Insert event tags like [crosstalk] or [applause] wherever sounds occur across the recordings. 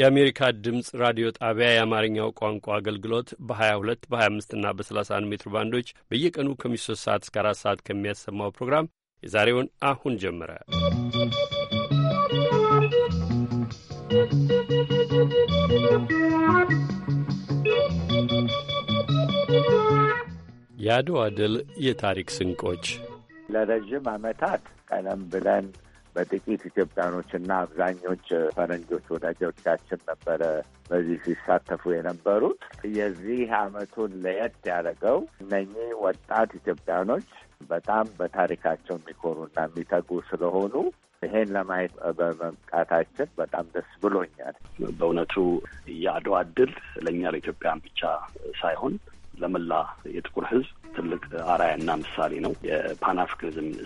የአሜሪካ ድምፅ ራዲዮ ጣቢያ የአማርኛው ቋንቋ አገልግሎት በ22 25 እና በ31 ሜትር ባንዶች በየቀኑ ከምሽቱ 3 ሰዓት እስከ 4 ሰዓት ከሚያሰማው ፕሮግራም የዛሬውን አሁን ጀመረ። የአድዋ ድል የታሪክ ስንቆች ለረዥም ዓመታት ቀለም ብለን በጥቂት ኢትዮጵያኖች እና አብዛኞች ፈረንጆች ወዳጆቻችን ነበረ በዚህ ሲሳተፉ የነበሩት። የዚህ አመቱን ለየት ያደረገው እነኚህ ወጣት ኢትዮጵያኖች በጣም በታሪካቸው የሚኮሩና የሚተጉ ስለሆኑ ይሄን ለማየት በመብቃታችን በጣም ደስ ብሎኛል። በእውነቱ የአድዋ ድል ለእኛ ለኢትዮጵያን ብቻ ሳይሆን ለመላ የጥቁር ህዝብ ትልቅ አርአያና ምሳሌ ነው። የፓን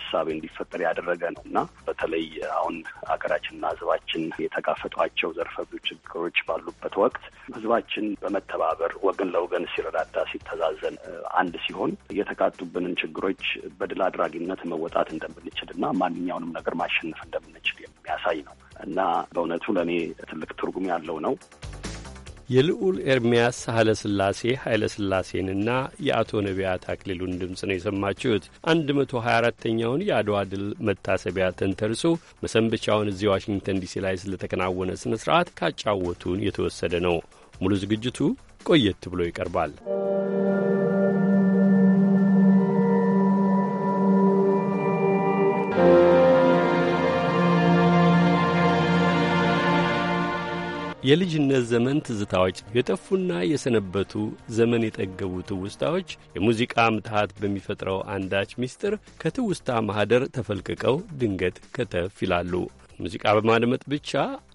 እሳቤ እንዲፈጠር ያደረገ ነው እና በተለይ አሁን ሀገራችንና ህዝባችን የተጋፈጧቸው ዘርፈ ብዙ ችግሮች ባሉበት ወቅት ህዝባችን በመተባበር ወገን ለወገን ሲረዳዳ፣ ሲተዛዘን አንድ ሲሆን የተቃጡብንን ችግሮች በድል አድራጊነት መወጣት እንደምንችል እና ማንኛውንም ነገር ማሸነፍ እንደምንችል የሚያሳይ ነው እና በእውነቱ ለእኔ ትልቅ ትርጉም ያለው ነው። የልዑል ኤርሚያስ ኃይለ ሥላሴ ኃይለ ሥላሴንና የአቶ ነቢያት አክሊሉን ድምፅ ነው የሰማችሁት። አራተኛውን የአድዋ ድል መታሰቢያ ተንተርሶ መሰንበቻውን እዚህ ዋሽንግተን ዲሲ ላይ ስለተከናወነ ሥነ ሥርዓት ካጫወቱን የተወሰደ ነው። ሙሉ ዝግጅቱ ቆየት ብሎ ይቀርባል። thank you የልጅነት ዘመን ትዝታዎች የጠፉና የሰነበቱ ዘመን የጠገቡ ትውስታዎች የሙዚቃ ምትሃት በሚፈጥረው አንዳች ምስጢር ከትውስታ ማኅደር ተፈልቅቀው ድንገት ከተፍ ይላሉ። ሙዚቃ በማድመጥ ብቻ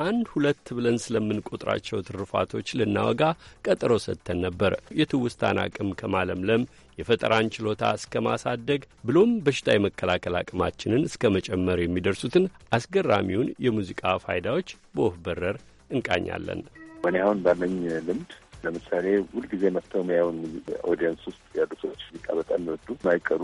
አንድ ሁለት ብለን ስለምንቆጥራቸው ትርፋቶች ልናወጋ ቀጠሮ ሰጥተን ነበር። የትውስታን አቅም ከማለምለም የፈጠራን ችሎታ እስከ ማሳደግ ብሎም በሽታ የመከላከል አቅማችንን እስከ መጨመር የሚደርሱትን አስገራሚውን የሙዚቃ ፋይዳዎች በወፍ በረር እንቃኛለን። እኔ አሁን ባለኝ ልምድ ለምሳሌ ሁልጊዜ መጥተው ሚያውን ኦዲየንስ ውስጥ ያሉ ሰዎች ሊቃ በጣም የሚወዱ ማይቀሩ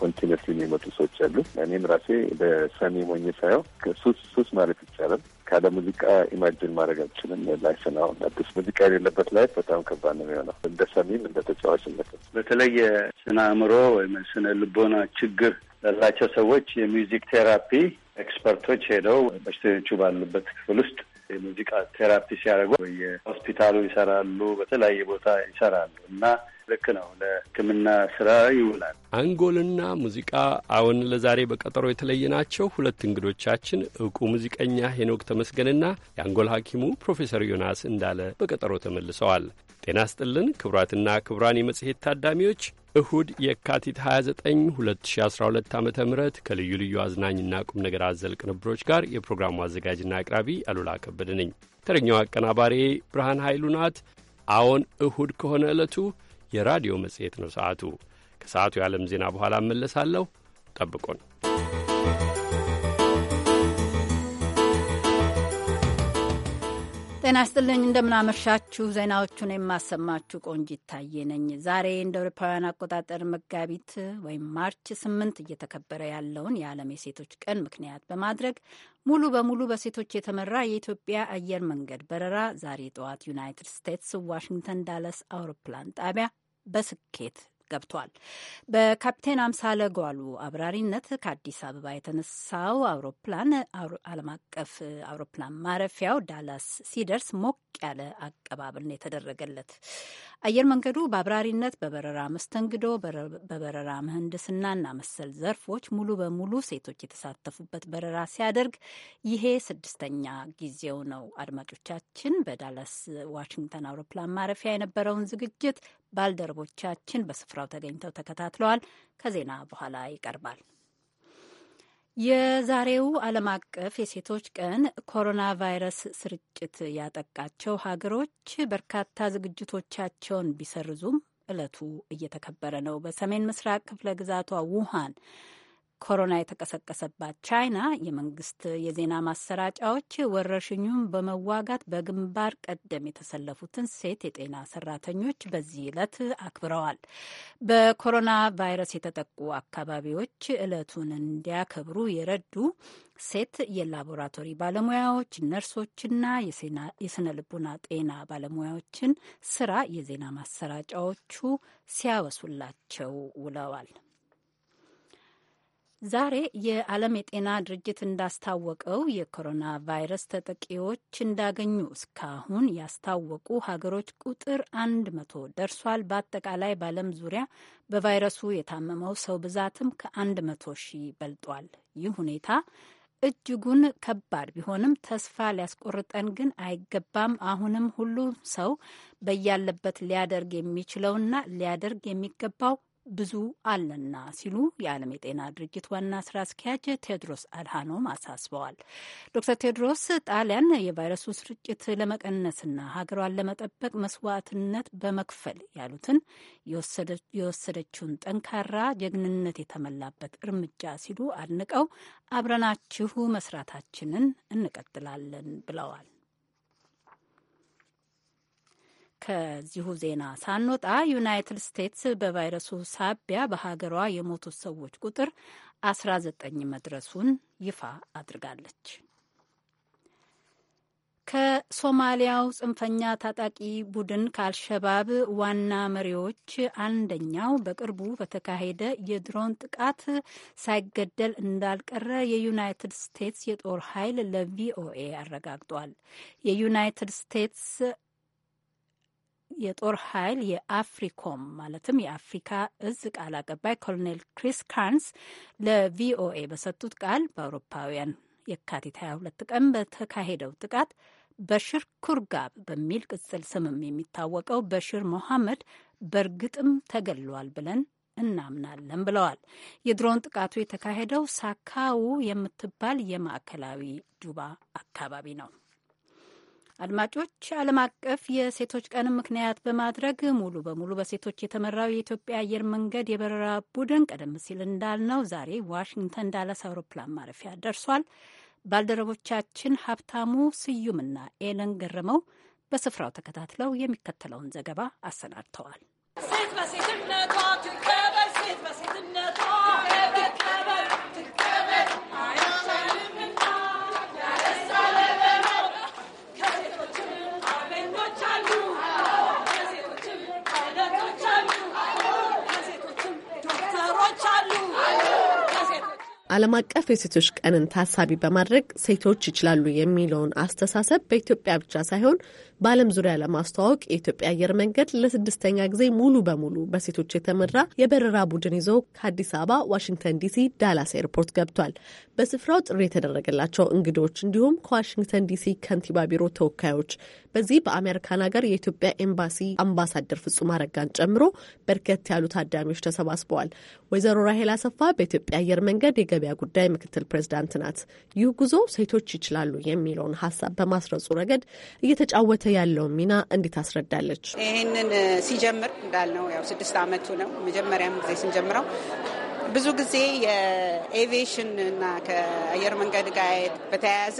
ኮንቲነስ የሚመጡ ሰዎች አሉ። እኔም ራሴ በሰሚ ሞኝ ሳየው ሱስ ሱስ ማለት ይቻላል ካለ ሙዚቃ ኢማጅን ማድረግ አልችልም። ላይፍን አሁን አዲስ ሙዚቃ የሌለበት ላይፍ በጣም ከባድ ነው የሚሆነው እንደ ሰሚም እንደ ተጫዋችነት። በተለይ ስነ አእምሮ ወይም ስነ ልቦና ችግር ላላቸው ሰዎች የሚውዚክ ቴራፒ ኤክስፐርቶች ሄደው በሽተኞቹ ባሉበት ክፍል ውስጥ የሙዚቃ ቴራፒ ሲያደርጉ የሆስፒታሉ ይሰራሉ፣ በተለያየ ቦታ ይሰራሉ እና ልክ ነው ለሕክምና ስራ ይውላል። አንጎልና ሙዚቃ አሁን ለዛሬ በቀጠሮ የተለየ ናቸው። ሁለት እንግዶቻችን እውቁ ሙዚቀኛ ሄኖክ ተመስገንና የአንጎል ሐኪሙ ፕሮፌሰር ዮናስ እንዳለ በቀጠሮ ተመልሰዋል። ጤና ስጥልን ክቡራትና ክቡራን የመጽሔት ታዳሚዎች እሁድ የካቲት 29 2012 ዓ ም ከልዩ ልዩ አዝናኝና ቁም ነገር አዘል ቅንብሮች ጋር የፕሮግራሙ አዘጋጅና አቅራቢ አሉላ ከበደ ነኝ። ተረኛው አቀናባሪ ብርሃን ኃይሉ ናት። አዎን እሁድ ከሆነ ዕለቱ የራዲዮ መጽሔት ነው። ሰዓቱ ከሰዓቱ የዓለም ዜና በኋላ እመለሳለሁ። ጠብቁን። ጤና ስጥልኝ። እንደምናመሻችሁ። ዜናዎቹን የማሰማችሁ ቆንጅ ታዬ ነኝ። ዛሬ እንደ አውሮፓውያን አቆጣጠር መጋቢት ወይም ማርች ስምንት እየተከበረ ያለውን የዓለም የሴቶች ቀን ምክንያት በማድረግ ሙሉ በሙሉ በሴቶች የተመራ የኢትዮጵያ አየር መንገድ በረራ ዛሬ ጠዋት ዩናይትድ ስቴትስ ዋሽንግተን ዳለስ አውሮፕላን ጣቢያ በስኬት ገብቷል። በካፕቴን አምሳለ ጓሉ አብራሪነት ከአዲስ አበባ የተነሳው አውሮፕላን ዓለም አቀፍ አውሮፕላን ማረፊያው ዳላስ ሲደርስ ሞቅ ያለ አቀባበል ነው የተደረገለት። አየር መንገዱ በአብራሪነት፣ በበረራ መስተንግዶ፣ በበረራ ምህንድስናና መሰል ዘርፎች ሙሉ በሙሉ ሴቶች የተሳተፉበት በረራ ሲያደርግ ይሄ ስድስተኛ ጊዜው ነው። አድማጮቻችን፣ በዳላስ ዋሽንግተን አውሮፕላን ማረፊያ የነበረውን ዝግጅት ባልደረቦቻችን በስፍራው ተገኝተው ተከታትለዋል። ከዜና በኋላ ይቀርባል። የዛሬው ዓለም አቀፍ የሴቶች ቀን ኮሮና ቫይረስ ስርጭት ያጠቃቸው ሀገሮች በርካታ ዝግጅቶቻቸውን ቢሰርዙም ዕለቱ እየተከበረ ነው። በሰሜን ምስራቅ ክፍለ ግዛቷ ውሃን ኮሮና የተቀሰቀሰባት ቻይና የመንግስት የዜና ማሰራጫዎች ወረርሽኙን በመዋጋት በግንባር ቀደም የተሰለፉትን ሴት የጤና ሰራተኞች በዚህ ዕለት አክብረዋል። በኮሮና ቫይረስ የተጠቁ አካባቢዎች ዕለቱን እንዲያከብሩ የረዱ ሴት የላቦራቶሪ ባለሙያዎች፣ ነርሶችና የስነ ልቡና ጤና ባለሙያዎችን ስራ የዜና ማሰራጫዎቹ ሲያወሱላቸው ውለዋል። ዛሬ የዓለም የጤና ድርጅት እንዳስታወቀው የኮሮና ቫይረስ ተጠቂዎች እንዳገኙ እስካሁን ያስታወቁ ሀገሮች ቁጥር አንድ መቶ ደርሷል። በአጠቃላይ በዓለም ዙሪያ በቫይረሱ የታመመው ሰው ብዛትም ከአንድ መቶ ሺህ በልጧል። ይህ ሁኔታ እጅጉን ከባድ ቢሆንም ተስፋ ሊያስቆርጠን ግን አይገባም። አሁንም ሁሉም ሰው በያለበት ሊያደርግ የሚችለውና ሊያደርግ የሚገባው ብዙ አለና ሲሉ የዓለም የጤና ድርጅት ዋና ስራ አስኪያጅ ቴድሮስ አድሃኖም አሳስበዋል። ዶክተር ቴድሮስ ጣሊያን የቫይረሱ ስርጭት ለመቀነስና ሀገሯን ለመጠበቅ መስዋዕትነት በመክፈል ያሉትን የወሰደችውን ጠንካራ ጀግንነት የተመላበት እርምጃ ሲሉ አድንቀው አብረናችሁ መስራታችንን እንቀጥላለን ብለዋል። ከዚሁ ዜና ሳንወጣ ዩናይትድ ስቴትስ በቫይረሱ ሳቢያ በሀገሯ የሞቱት ሰዎች ቁጥር 19 መድረሱን ይፋ አድርጋለች። ከሶማሊያው ጽንፈኛ ታጣቂ ቡድን ከአልሸባብ ዋና መሪዎች አንደኛው በቅርቡ በተካሄደ የድሮን ጥቃት ሳይገደል እንዳልቀረ የዩናይትድ ስቴትስ የጦር ኃይል ለቪኦኤ አረጋግጧል። የዩናይትድ ስቴትስ የጦር ኃይል የአፍሪኮም ማለትም የአፍሪካ እዝ ቃል አቀባይ ኮሎኔል ክሪስ ካርንስ ለቪኦኤ በሰጡት ቃል በአውሮፓውያን የካቲት 22 ቀን በተካሄደው ጥቃት በሽር ኩርጋብ በሚል ቅጽል ስምም የሚታወቀው በሽር ሞሐመድ በእርግጥም ተገድሏል ብለን እናምናለን ብለዋል። የድሮን ጥቃቱ የተካሄደው ሳካው የምትባል የማዕከላዊ ጁባ አካባቢ ነው። አድማጮች፣ ዓለም አቀፍ የሴቶች ቀንም ምክንያት በማድረግ ሙሉ በሙሉ በሴቶች የተመራው የኢትዮጵያ አየር መንገድ የበረራ ቡድን ቀደም ሲል እንዳልነው ዛሬ ዋሽንግተን ዳላስ አውሮፕላን ማረፊያ ደርሷል። ባልደረቦቻችን ሀብታሙ ስዩምና ኤለን ገረመው በስፍራው ተከታትለው የሚከተለውን ዘገባ አሰናድተዋል። ሴት በሴትነቷ ዓለም አቀፍ የሴቶች ቀንን ታሳቢ በማድረግ ሴቶች ይችላሉ የሚለውን አስተሳሰብ በኢትዮጵያ ብቻ ሳይሆን በዓለም ዙሪያ ለማስተዋወቅ የኢትዮጵያ አየር መንገድ ለስድስተኛ ጊዜ ሙሉ በሙሉ በሴቶች የተመራ የበረራ ቡድን ይዞ ከአዲስ አበባ ዋሽንግተን ዲሲ ዳላስ ኤርፖርት ገብቷል። በስፍራው ጥሪ የተደረገላቸው እንግዶች እንዲሁም ከዋሽንግተን ዲሲ ከንቲባ ቢሮ ተወካዮች በዚህ በአሜሪካን ሀገር የኢትዮጵያ ኤምባሲ አምባሳደር ፍጹም አረጋን ጨምሮ በርከት ያሉ ታዳሚዎች ተሰባስበዋል። ወይዘሮ ራሄል አሰፋ በኢትዮጵያ አየር መንገድ የገበያ የመጀመሪያ ጉዳይ ምክትል ፕሬዚዳንት ናት። ይህ ጉዞ ሴቶች ይችላሉ የሚለውን ሀሳብ በማስረጹ ረገድ እየተጫወተ ያለውን ሚና እንዴት አስረዳለች። ይህንን ሲጀምር እንዳልነው ያው ስድስት አመቱ ነው። መጀመሪያም ጊዜ ስንጀምረው ብዙ ጊዜ የኤቪዬሽን እና ከአየር መንገድ ጋር በተያያዘ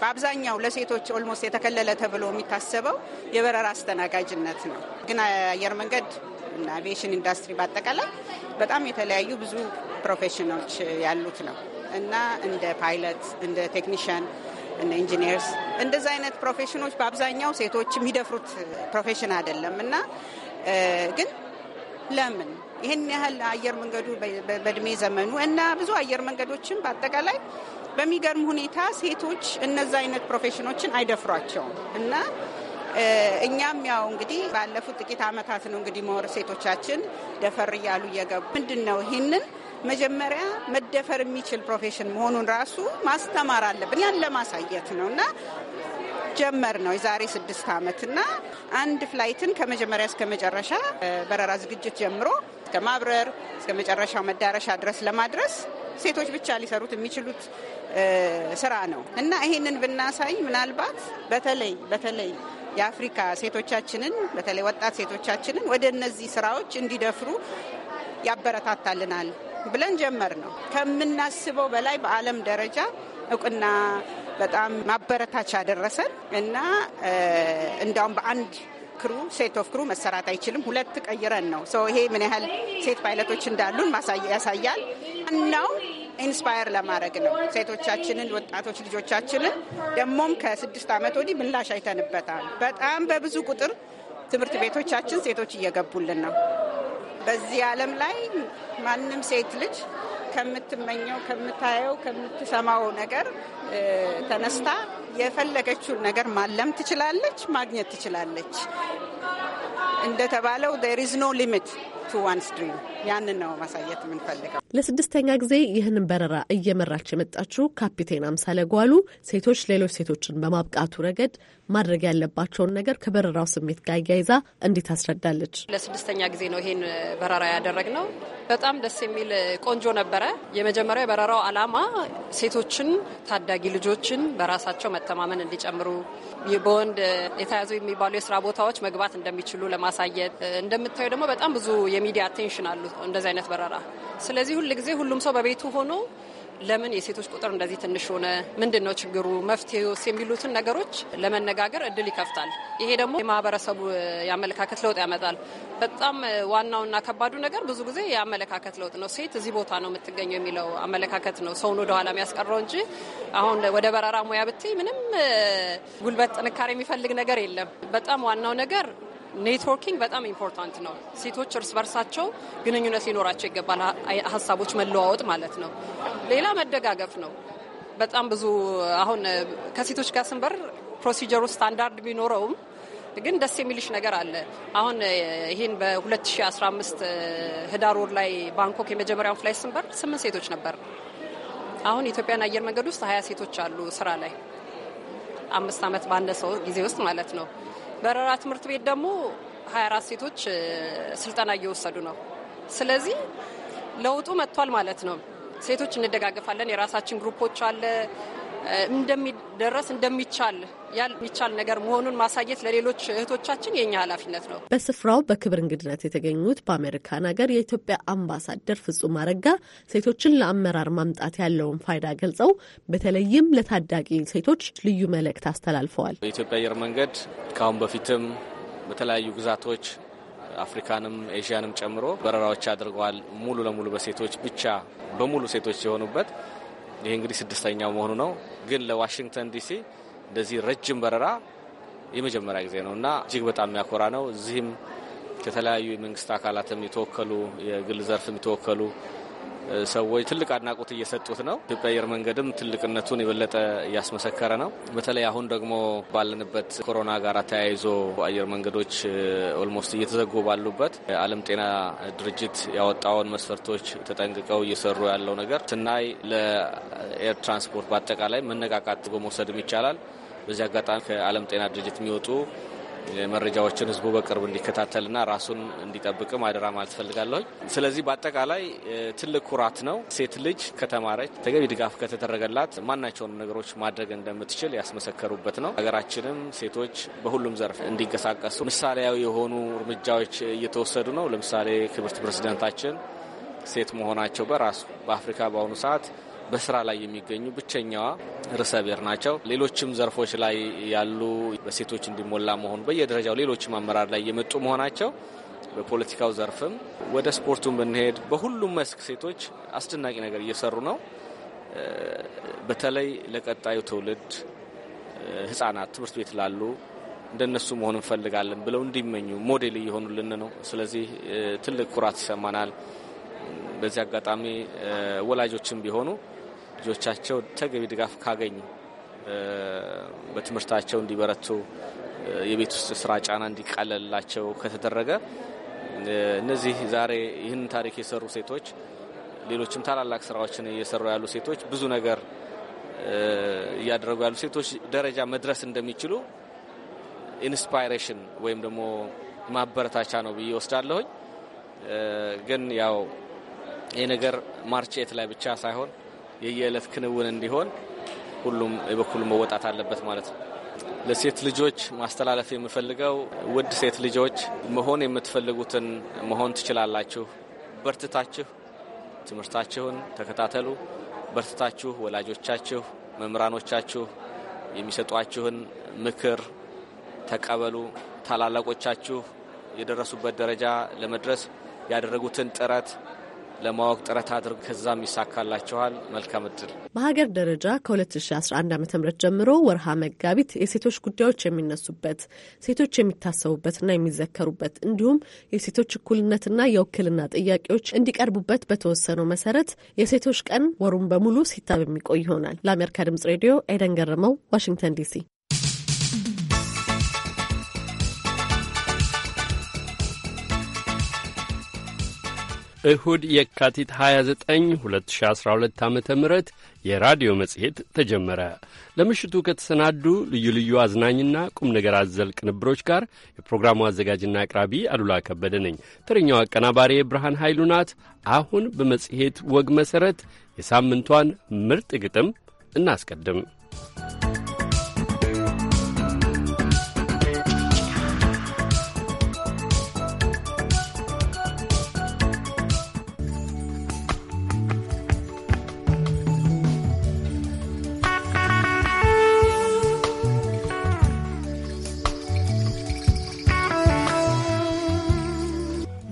በአብዛኛው ለሴቶች ኦልሞስት የተከለለ ተብሎ የሚታሰበው የበረራ አስተናጋጅነት ነው። ግን አየር መንገድ እና አቪዬሽን ኢንዱስትሪ በአጠቃላይ በጣም የተለያዩ ብዙ ፕሮፌሽኖች ያሉት ነው እና እንደ ፓይለት፣ እንደ ቴክኒሽያን፣ እንደ ኢንጂኒየርስ እንደዚ አይነት ፕሮፌሽኖች በአብዛኛው ሴቶች የሚደፍሩት ፕሮፌሽን አይደለም እና ግን ለምን ይህን ያህል አየር መንገዱ በእድሜ ዘመኑ እና ብዙ አየር መንገዶችም በአጠቃላይ በሚገርም ሁኔታ ሴቶች እነዚ አይነት ፕሮፌሽኖችን አይደፍሯቸውም እና እኛም ያው እንግዲህ ባለፉት ጥቂት ዓመታት ነው እንግዲህ መወር ሴቶቻችን ደፈር እያሉ እየገቡ ምንድን ነው ይህንን መጀመሪያ መደፈር የሚችል ፕሮፌሽን መሆኑን ራሱ ማስተማር አለብን። ያን ለማሳየት ነው እና ጀመር ነው የዛሬ ስድስት ዓመት እና አንድ ፍላይትን ከመጀመሪያ እስከ መጨረሻ በረራ ዝግጅት ጀምሮ እስከ ማብረር እስከ መጨረሻው መዳረሻ ድረስ ለማድረስ ሴቶች ብቻ ሊሰሩት የሚችሉት ስራ ነው እና ይሄንን ብናሳይ ምናልባት በተለይ በተለይ የአፍሪካ ሴቶቻችንን በተለይ ወጣት ሴቶቻችንን ወደ እነዚህ ስራዎች እንዲደፍሩ ያበረታታልናል ብለን ጀመር ነው። ከምናስበው በላይ በዓለም ደረጃ እውቅና በጣም ማበረታቻ ደረሰን እና እንዲያውም በአንድ ክሩ ሴት ኦፍ ክሩ መሰራት አይችልም። ሁለት ቀይረን ነው ሰው ይሄ ምን ያህል ሴት ፓይለቶች እንዳሉን ያሳያል። እናው ኢንስፓየር ለማድረግ ነው። ሴቶቻችንን፣ ወጣቶች ልጆቻችንን ደግሞም ከስድስት ዓመት ወዲህ ምላሽ አይተንበታል። በጣም በብዙ ቁጥር ትምህርት ቤቶቻችን ሴቶች እየገቡልን ነው። በዚህ ዓለም ላይ ማንም ሴት ልጅ ከምትመኘው፣ ከምታየው፣ ከምትሰማው ነገር ተነስታ የፈለገችውን ነገር ማለም ትችላለች፣ ማግኘት ትችላለች። እንደተባለው ዴር ኢዝ ኖ ሊሚት ቱ ዋን ስትሪም ያንን ነው ማሳየት የምንፈልገው። ለስድስተኛ ጊዜ ይህንን በረራ እየመራች የመጣችው ካፒቴን አምሳለ ጓሉ ሴቶች ሌሎች ሴቶችን በማብቃቱ ረገድ ማድረግ ያለባቸውን ነገር ከበረራው ስሜት ጋር አያይዛ እንዴት አስረዳለች። ለስድስተኛ ጊዜ ነው ይሄን በረራ ያደረግነው። በጣም ደስ የሚል ቆንጆ ነበረ። የመጀመሪያው የበረራው አላማ ሴቶችን ታዳጊ ልጆችን በራሳቸው መተማመን እንዲጨምሩ በወንድ የተያዙ የሚባሉ የስራ ቦታዎች መግባት እንደሚችሉ ለማሳየት እንደምታዩ ደግሞ በጣም ብዙ የሚዲያ አቴንሽን አሉ እንደዚህ አይነት በረራ። ስለዚህ ጊዜ ሁሉም ሰው በቤቱ ሆኖ ለምን የሴቶች ቁጥር እንደዚህ ትንሽ ሆነ? ምንድን ነው ችግሩ? መፍትሄውስ? የሚሉትን ነገሮች ለመነጋገር እድል ይከፍታል። ይሄ ደግሞ የማህበረሰቡ የአመለካከት ለውጥ ያመጣል። በጣም ዋናውና ከባዱ ነገር ብዙ ጊዜ የአመለካከት ለውጥ ነው። ሴት እዚህ ቦታ ነው የምትገኘው የሚለው አመለካከት ነው ሰውን ወደኋላ የሚያስቀረው እንጂ አሁን ወደ በረራ ሙያ ብትይ ምንም ጉልበት ጥንካሬ የሚፈልግ ነገር የለም። በጣም ዋናው ነገር ኔትወርኪንግ በጣም ኢምፖርታንት ነው። ሴቶች እርስ በርሳቸው ግንኙነት ሊኖራቸው ይገባል። ሀሳቦች መለዋወጥ ማለት ነው። ሌላ መደጋገፍ ነው። በጣም ብዙ አሁን ከሴቶች ጋር ስንበር ፕሮሲጀሩ ስታንዳርድ ቢኖረውም ግን ደስ የሚልሽ ነገር አለ። አሁን ይህን በ2015 ህዳር ወር ላይ ባንኮክ የመጀመሪያውን ፍላይ ስንበር ስምንት ሴቶች ነበር። አሁን የኢትዮጵያን አየር መንገድ ውስጥ ሀያ ሴቶች አሉ ስራ ላይ አምስት ዓመት ባነሰው ጊዜ ውስጥ ማለት ነው። በረራ ትምህርት ቤት ደግሞ 24 ሴቶች ስልጠና እየወሰዱ ነው። ስለዚህ ለውጡ መጥቷል ማለት ነው። ሴቶች እንደጋገፋለን። የራሳችን ግሩፖች አለ እንደሚደረስ እንደሚቻል የሚቻል ነገር መሆኑን ማሳየት ለሌሎች እህቶቻችን የኛ ኃላፊነት ነው። በስፍራው በክብር እንግድነት የተገኙት በአሜሪካን ሀገር የኢትዮጵያ አምባሳደር ፍጹም አረጋ ሴቶችን ለአመራር ማምጣት ያለውን ፋይዳ ገልጸው በተለይም ለታዳጊ ሴቶች ልዩ መልእክት አስተላልፈዋል። የኢትዮጵያ አየር መንገድ ከአሁን በፊትም በተለያዩ ግዛቶች አፍሪካንም ኤዥያንም ጨምሮ በረራዎች አድርገዋል። ሙሉ ለሙሉ በሴቶች ብቻ በሙሉ ሴቶች የሆኑበት ይህ እንግዲህ ስድስተኛው መሆኑ ነው። ግን ለዋሽንግተን ዲሲ እንደዚህ ረጅም በረራ የመጀመሪያ ጊዜ ነው እና እጅግ በጣም የሚያኮራ ነው። እዚህም ከተለያዩ የመንግስት አካላትም የተወከሉ የግል ዘርፍ የተወከሉ ሰዎች ትልቅ አድናቆት እየሰጡት ነው። ኢትዮጵያ አየር መንገድም ትልቅነቱን የበለጠ እያስመሰከረ ነው። በተለይ አሁን ደግሞ ባለንበት ኮሮና ጋር ተያይዞ አየር መንገዶች ኦልሞስት እየተዘጉ ባሉበት የዓለም ጤና ድርጅት ያወጣውን መስፈርቶች ተጠንቅቀው እየሰሩ ያለው ነገር ስናይ ለኤር ትራንስፖርት በአጠቃላይ መነቃቃት በመውሰድም ይቻላል። በዚህ አጋጣሚ ከዓለም ጤና ድርጅት የሚወጡ መረጃዎችን ህዝቡ በቅርብ እንዲከታተልና ራሱን እንዲጠብቅም አደራ ማለት ፈልጋለሁኝ። ስለዚህ በአጠቃላይ ትልቅ ኩራት ነው። ሴት ልጅ ከተማረች፣ ተገቢ ድጋፍ ከተደረገላት ማናቸውን ነገሮች ማድረግ እንደምትችል ያስመሰከሩበት ነው። ሀገራችንም ሴቶች በሁሉም ዘርፍ እንዲንቀሳቀሱ ምሳሌያዊ የሆኑ እርምጃዎች እየተወሰዱ ነው። ለምሳሌ ክብርት ፕሬዚደንታችን ሴት መሆናቸው በራሱ በአፍሪካ በአሁኑ ሰዓት በስራ ላይ የሚገኙ ብቸኛዋ ርዕሰ ብሔር ናቸው። ሌሎችም ዘርፎች ላይ ያሉ በሴቶች እንዲሞላ መሆኑ በየደረጃው ሌሎችም አመራር ላይ የመጡ መሆናቸው በፖለቲካው ዘርፍም ወደ ስፖርቱን ብንሄድ በሁሉም መስክ ሴቶች አስደናቂ ነገር እየሰሩ ነው። በተለይ ለቀጣዩ ትውልድ ህጻናት፣ ትምህርት ቤት ላሉ እንደነሱ መሆን እንፈልጋለን ብለው እንዲመኙ ሞዴል እየሆኑልን ነው። ስለዚህ ትልቅ ኩራት ይሰማናል። በዚህ አጋጣሚ ወላጆችም ቢሆኑ ልጆቻቸው ተገቢ ድጋፍ ካገኙ በትምህርታቸው እንዲበረቱ የቤት ውስጥ ስራ ጫና እንዲቃለልላቸው ከተደረገ እነዚህ ዛሬ ይህንን ታሪክ የሰሩ ሴቶች ሌሎችም ታላላቅ ስራዎችን እየሰሩ ያሉ ሴቶች ብዙ ነገር እያደረጉ ያሉ ሴቶች ደረጃ መድረስ እንደሚችሉ ኢንስፓይሬሽን ወይም ደግሞ ማበረታቻ ነው ብዬ ወስዳለሁኝ። ግን ያው ይህ ነገር ማርች ኤት ላይ ብቻ ሳይሆን የየዕለት ክንውን እንዲሆን ሁሉም የበኩሉ መወጣት አለበት ማለት ነው። ለሴት ልጆች ማስተላለፍ የምፈልገው ውድ ሴት ልጆች መሆን የምትፈልጉትን መሆን ትችላላችሁ። በርትታችሁ ትምህርታችሁን ተከታተሉ። በርትታችሁ ወላጆቻችሁ፣ መምህራኖቻችሁ የሚሰጧችሁን ምክር ተቀበሉ። ታላላቆቻችሁ የደረሱበት ደረጃ ለመድረስ ያደረጉትን ጥረት ለማወቅ ጥረት አድርግ፣ ከዛም ይሳካላችኋል። መልካም እድል። በሀገር ደረጃ ከ2011 ዓ ም ጀምሮ ወርሃ መጋቢት የሴቶች ጉዳዮች የሚነሱበት ሴቶች የሚታሰቡበትና የሚዘከሩበት እንዲሁም የሴቶች እኩልነትና የውክልና ጥያቄዎች እንዲቀርቡበት በተወሰነው መሰረት የሴቶች ቀን ወሩን በሙሉ ሲታብ የሚቆይ ይሆናል። ለአሜሪካ ድምጽ ሬዲዮ ኤደን ገረመው፣ ዋሽንግተን ዲሲ እሁድ የካቲት 29 2012 ዓ ም የራዲዮ መጽሔት ተጀመረ። ለምሽቱ ከተሰናዱ ልዩ ልዩ አዝናኝና ቁም ነገር አዘል ቅንብሮች ጋር የፕሮግራሙ አዘጋጅና አቅራቢ አሉላ ከበደ ነኝ። ተረኛው አቀናባሪ ብርሃን ኃይሉ ናት። አሁን በመጽሔት ወግ መሠረት የሳምንቷን ምርጥ ግጥም እናስቀድም።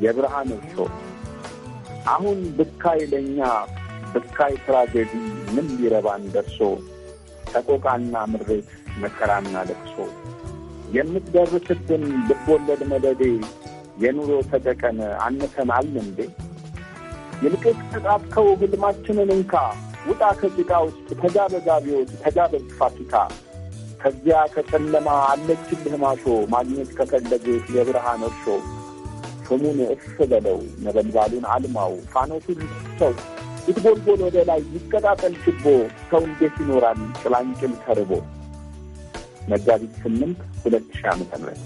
የብርሃን እርሾ አሁን ብካይ ለእኛ ብካይ ትራጀዲ ምን ሊረባን ደርሶ ተቆቃና ምሬት መከራና ለቅሶ የምትደርስብን ልቦለድ መደዴ የኑሮ ተደቀን አነሰናል እንዴ? ይልቅስ ተጣጥከው ግልማችንን እንካ ውጣ ከጭቃ ውስጥ ተጋበዛቢዎች ተጋበዝ ፋሲካ ከዚያ ከጨለማ አለችልህ ማሾ ማግኘት ከፈለግህ የብርሃን እርሾ ስሙን እፍ በለው ነበልባሉን አልማው ፋኖቱን ሰው ይትጎልጎል ወደ ላይ ይቀጣጠል ችቦ ሰው እንዴት ይኖራል ጭላንጭል ተርቦ መጋቢት ስምንት ሁለት ሺህ ዓመተ ምህረት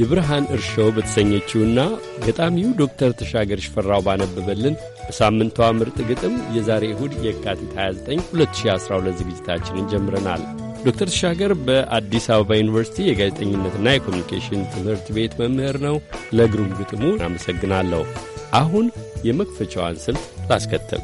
የብርሃን እርሾው በተሰኘችውና ገጣሚው ዶክተር ተሻገር ሽፈራው ባነበበልን በሳምንቷ ምርጥ ግጥም የዛሬ እሁድ የካቲት 29 2012 ዝግጅታችንን ጀምረናል። ዶክተር ተሻገር በአዲስ አበባ ዩኒቨርሲቲ የጋዜጠኝነትና የኮሚኒኬሽን ትምህርት ቤት መምህር ነው። ለግሩም ግጥሙ አመሰግናለሁ። አሁን የመክፈቻዋን ስልት ላስከትል።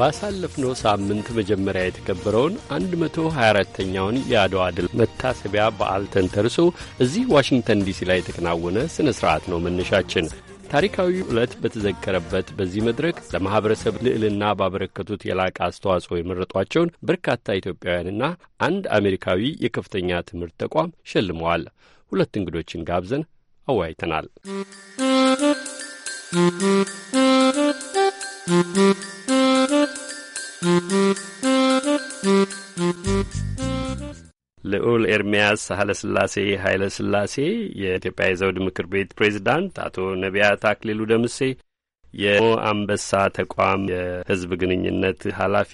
ባሳለፍነው ሳምንት መጀመሪያ የተከበረውን 124ኛውን የአድዋ ድል መታሰቢያ በዓል ተንተርሶ እዚህ ዋሽንግተን ዲሲ ላይ የተከናወነ ሥነ ሥርዓት ነው መነሻችን። ታሪካዊ ዕለት በተዘከረበት በዚህ መድረክ ለማኅበረሰብ ልዕልና ባበረከቱት የላቀ አስተዋጽኦ የመረጧቸውን በርካታ ኢትዮጵያውያንና አንድ አሜሪካዊ የከፍተኛ ትምህርት ተቋም ሸልመዋል። ሁለት እንግዶችን ጋብዘን አወያይተናል። ¶¶ ልዑል ኤርሚያስ ኃይለ ሥላሴ ኃይለ ሥላሴ የኢትዮጵያ የዘውድ ምክር ቤት ፕሬዚዳንት፣ አቶ ነቢያት አክሊሉ ደምሴ የአንበሳ ተቋም የሕዝብ ግንኙነት ኃላፊ።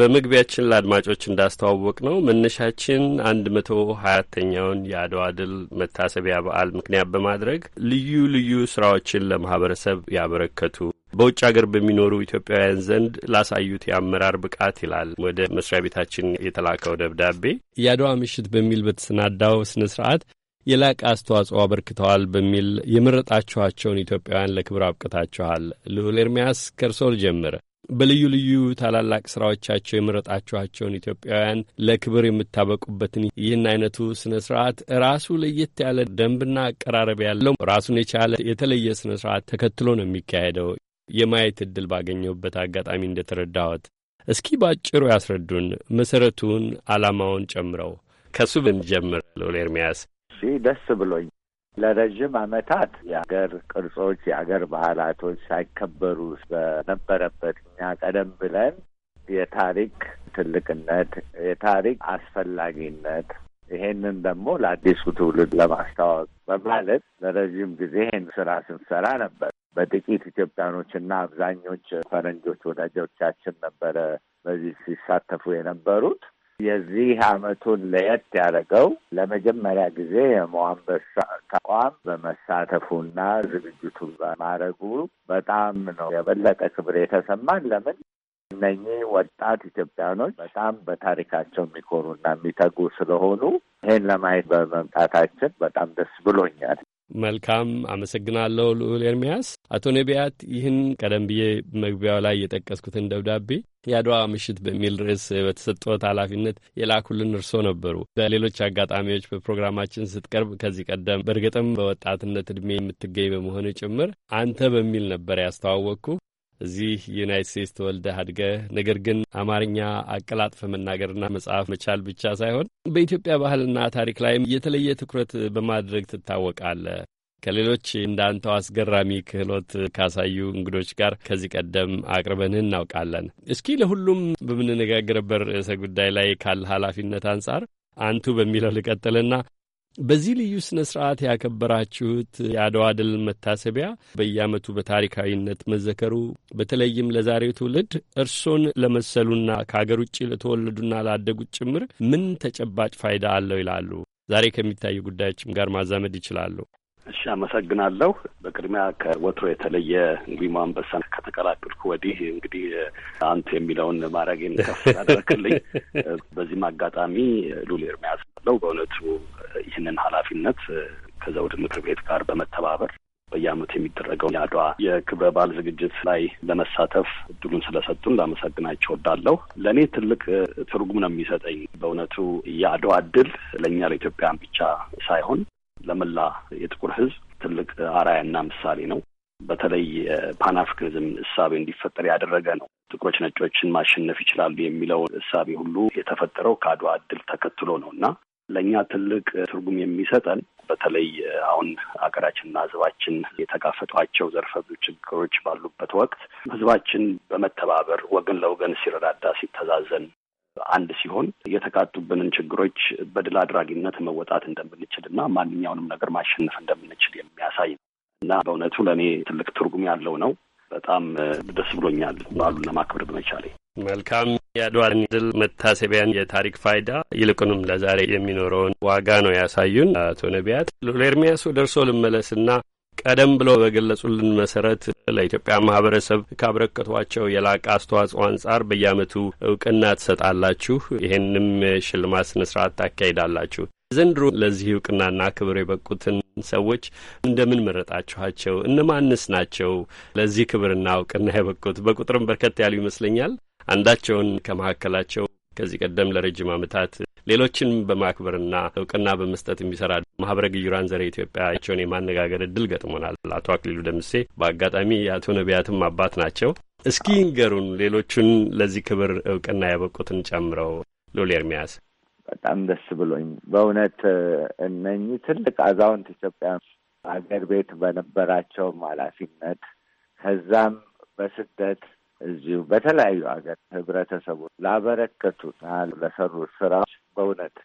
በመግቢያችን ለአድማጮች እንዳስተዋወቅ ነው መነሻችን አንድ መቶ ሀያተኛውን የአድዋ ድል መታሰቢያ በዓል ምክንያት በማድረግ ልዩ ልዩ ስራዎችን ለማህበረሰብ ያበረከቱ በውጭ ሀገር በሚኖሩ ኢትዮጵያውያን ዘንድ ላሳዩት የአመራር ብቃት ይላል ወደ መስሪያ ቤታችን የተላከው ደብዳቤ። የአድዋ ምሽት በሚል በተሰናዳው ስነ ስርዓት የላቀ አስተዋጽኦ አበርክተዋል በሚል የመረጣችኋቸውን ኢትዮጵያውያን ለክብር አብቅታችኋል። ልዑል ኤርምያስ ከርሶል ጀምር በልዩ ልዩ ታላላቅ ስራዎቻቸው የመረጣችኋቸውን ኢትዮጵያውያን ለክብር የምታበቁበትን ይህን አይነቱ ስነ ስርዓት ራሱ ለየት ያለ ደንብና አቀራረብ ያለው ራሱን የቻለ የተለየ ስነ ስርዓት ተከትሎ ነው የሚካሄደው። የማየት ዕድል ባገኘሁበት አጋጣሚ እንደተረዳሁት እስኪ ባጭሩ ያስረዱን መሠረቱን ዓላማውን ጨምረው ከእሱ ብንጀምር። ሎሌ ኤርሚያስ እሺ፣ ደስ ብሎኝ ለረዥም ዓመታት የአገር ቅርጾች የአገር ባህላቶች ሳይከበሩ በነበረበት እኛ ቀደም ብለን የታሪክ ትልቅነት የታሪክ አስፈላጊነት ይሄንን ደግሞ ለአዲሱ ትውልድ ለማስታወቅ በማለት ለረዥም ጊዜ ይህን ስራ ስንሰራ ነበር። በጥቂት ኢትዮጵያኖች እና አብዛኞች ፈረንጆች ወዳጆቻችን ነበረ በዚህ ሲሳተፉ የነበሩት። የዚህ አመቱን ለየት ያደረገው ለመጀመሪያ ጊዜ የመዋንበሳ ተቋም በመሳተፉና ዝግጅቱ በማድረጉ በጣም ነው የበለጠ ክብር የተሰማን። ለምን እነኚህ ወጣት ኢትዮጵያኖች በጣም በታሪካቸው የሚኮሩና የሚተጉ ስለሆኑ ይህን ለማየት በመምጣታችን በጣም ደስ ብሎኛል። መልካም አመሰግናለሁ ልዑል ኤርሚያስ። አቶ ነቢያት ይህን ቀደም ብዬ መግቢያው ላይ የጠቀስኩትን ደብዳቤ የአድዋ ምሽት በሚል ርዕስ በተሰጠት ኃላፊነት የላኩልን እርስዎ ነበሩ። በሌሎች አጋጣሚዎች በፕሮግራማችን ስትቀርብ ከዚህ ቀደም በእርግጥም በወጣትነት ዕድሜ የምትገኝ በመሆኑ ጭምር አንተ በሚል ነበር ያስተዋወቅኩ። እዚህ ዩናይት ስቴትስ ተወልደህ አድገህ ነገር ግን አማርኛ አቀላጥፈ መናገርና መጽሐፍ መቻል ብቻ ሳይሆን በኢትዮጵያ ባህልና ታሪክ ላይም የተለየ ትኩረት በማድረግ ትታወቃለህ። ከሌሎች እንዳንተው አስገራሚ ክህሎት ካሳዩ እንግዶች ጋር ከዚህ ቀደም አቅርበን እናውቃለን። እስኪ ለሁሉም በምንነጋገርበት ርዕሰ ጉዳይ ላይ ካለ ኃላፊነት አንጻር አንቱ በሚለው ልቀጥልና በዚህ ልዩ ስነ ስርዓት ያከበራችሁት የአድዋ ድል መታሰቢያ በየአመቱ በታሪካዊነት መዘከሩ በተለይም ለዛሬው ትውልድ እርሶን ለመሰሉና ከሀገር ውጭ ለተወለዱና ላደጉት ጭምር ምን ተጨባጭ ፋይዳ አለው ይላሉ? ዛሬ ከሚታዩ ጉዳዮችም ጋር ማዛመድ ይችላሉ። እሺ፣ አመሰግናለሁ። በቅድሚያ ከወትሮ የተለየ እንግዲህ አንበሳን ከተቀላቀልኩ ወዲህ እንግዲህ አንተ የሚለውን ማድረጌን ከፍ ያደረክልኝ፣ [laughs] በዚህም አጋጣሚ ሉል ኤርሚያስ ለው በእውነቱ ይህንን ኃላፊነት ከዘውድ ምክር ቤት ጋር በመተባበር በየዓመቱ የሚደረገው የአድዋ የክብረ በዓል ዝግጅት ላይ ለመሳተፍ እድሉን ስለሰጡን ላመሰግናቸው ወዳለሁ። ለእኔ ትልቅ ትርጉም ነው የሚሰጠኝ። በእውነቱ የአድዋ ድል ለእኛ ለኢትዮጵያን ብቻ ሳይሆን ለመላ የጥቁር ህዝብ ትልቅ አርአያና ምሳሌ ነው። በተለይ የፓን እሳቤ እንዲፈጠር ያደረገ ነው። ጥቁሮች ነጮችን ማሸነፍ ይችላሉ የሚለው እሳቤ ሁሉ የተፈጠረው ከአድዋ እድል ተከትሎ ነው እና ለእኛ ትልቅ ትርጉም የሚሰጠን በተለይ አሁን ሀገራችንና ህዝባችን የተጋፈጧቸው ዘርፈ ብዙ ችግሮች ባሉበት ወቅት ህዝባችን በመተባበር ወገን ለወገን ሲረዳዳ፣ ሲተዛዘን አንድ ሲሆን የተጋጡብንን ችግሮች በድል አድራጊነት መወጣት እንደምንችል እና ማንኛውንም ነገር ማሸነፍ እንደምንችል የሚያሳይ ነው እና በእውነቱ ለእኔ ትልቅ ትርጉም ያለው ነው። በጣም ደስ ብሎኛል በዓሉን ለማክበር በመቻሌ። መልካም የአድዋን ድል መታሰቢያን የታሪክ ፋይዳ ይልቁንም ለዛሬ የሚኖረውን ዋጋ ነው ያሳዩን አቶ ነቢያት። ሎሌርሚያስ ወደ እርስዎ ልመለስና ቀደም ብለው በገለጹልን መሰረት ለኢትዮጵያ ማህበረሰብ ካበረከቷቸው የላቀ አስተዋጽኦ አንጻር በየአመቱ እውቅና ትሰጣላችሁ፣ ይህንም ሽልማት ስነ ስርዓት ታካሂዳላችሁ። ዘንድሮ ለዚህ እውቅናና ክብር የበቁትን ሰዎች እንደምን መረጣችኋቸው? እነማንስ ናቸው ለዚህ ክብርና እውቅና የበቁት? በቁጥርም በርከት ያሉ ይመስለኛል። አንዳቸውን ከመካከላቸው ከዚህ ቀደም ለረጅም ዓመታት ሌሎችን በማክበርና እውቅና በመስጠት የሚሰራ ማህበረ ግዩራን ዘረ ኢትዮጵያቸውን የማነጋገር እድል ገጥሞናል። አቶ አክሊሉ ደምሴ በአጋጣሚ የአቶ ነቢያትም አባት ናቸው። እስኪ ንገሩን ሌሎቹን ለዚህ ክብር እውቅና ያበቁትን ጨምረው። ሎሌ ኤርሚያስ በጣም ደስ ብሎኝ በእውነት እነኚህ ትልቅ አዛውንት ኢትዮጵያ አገር ቤት በነበራቸውም ኃላፊነት ከዛም በስደት እዚሁ በተለያዩ ሀገር ህብረተሰቡ ላበረከቱት ለሰሩት ስራዎች በእውነት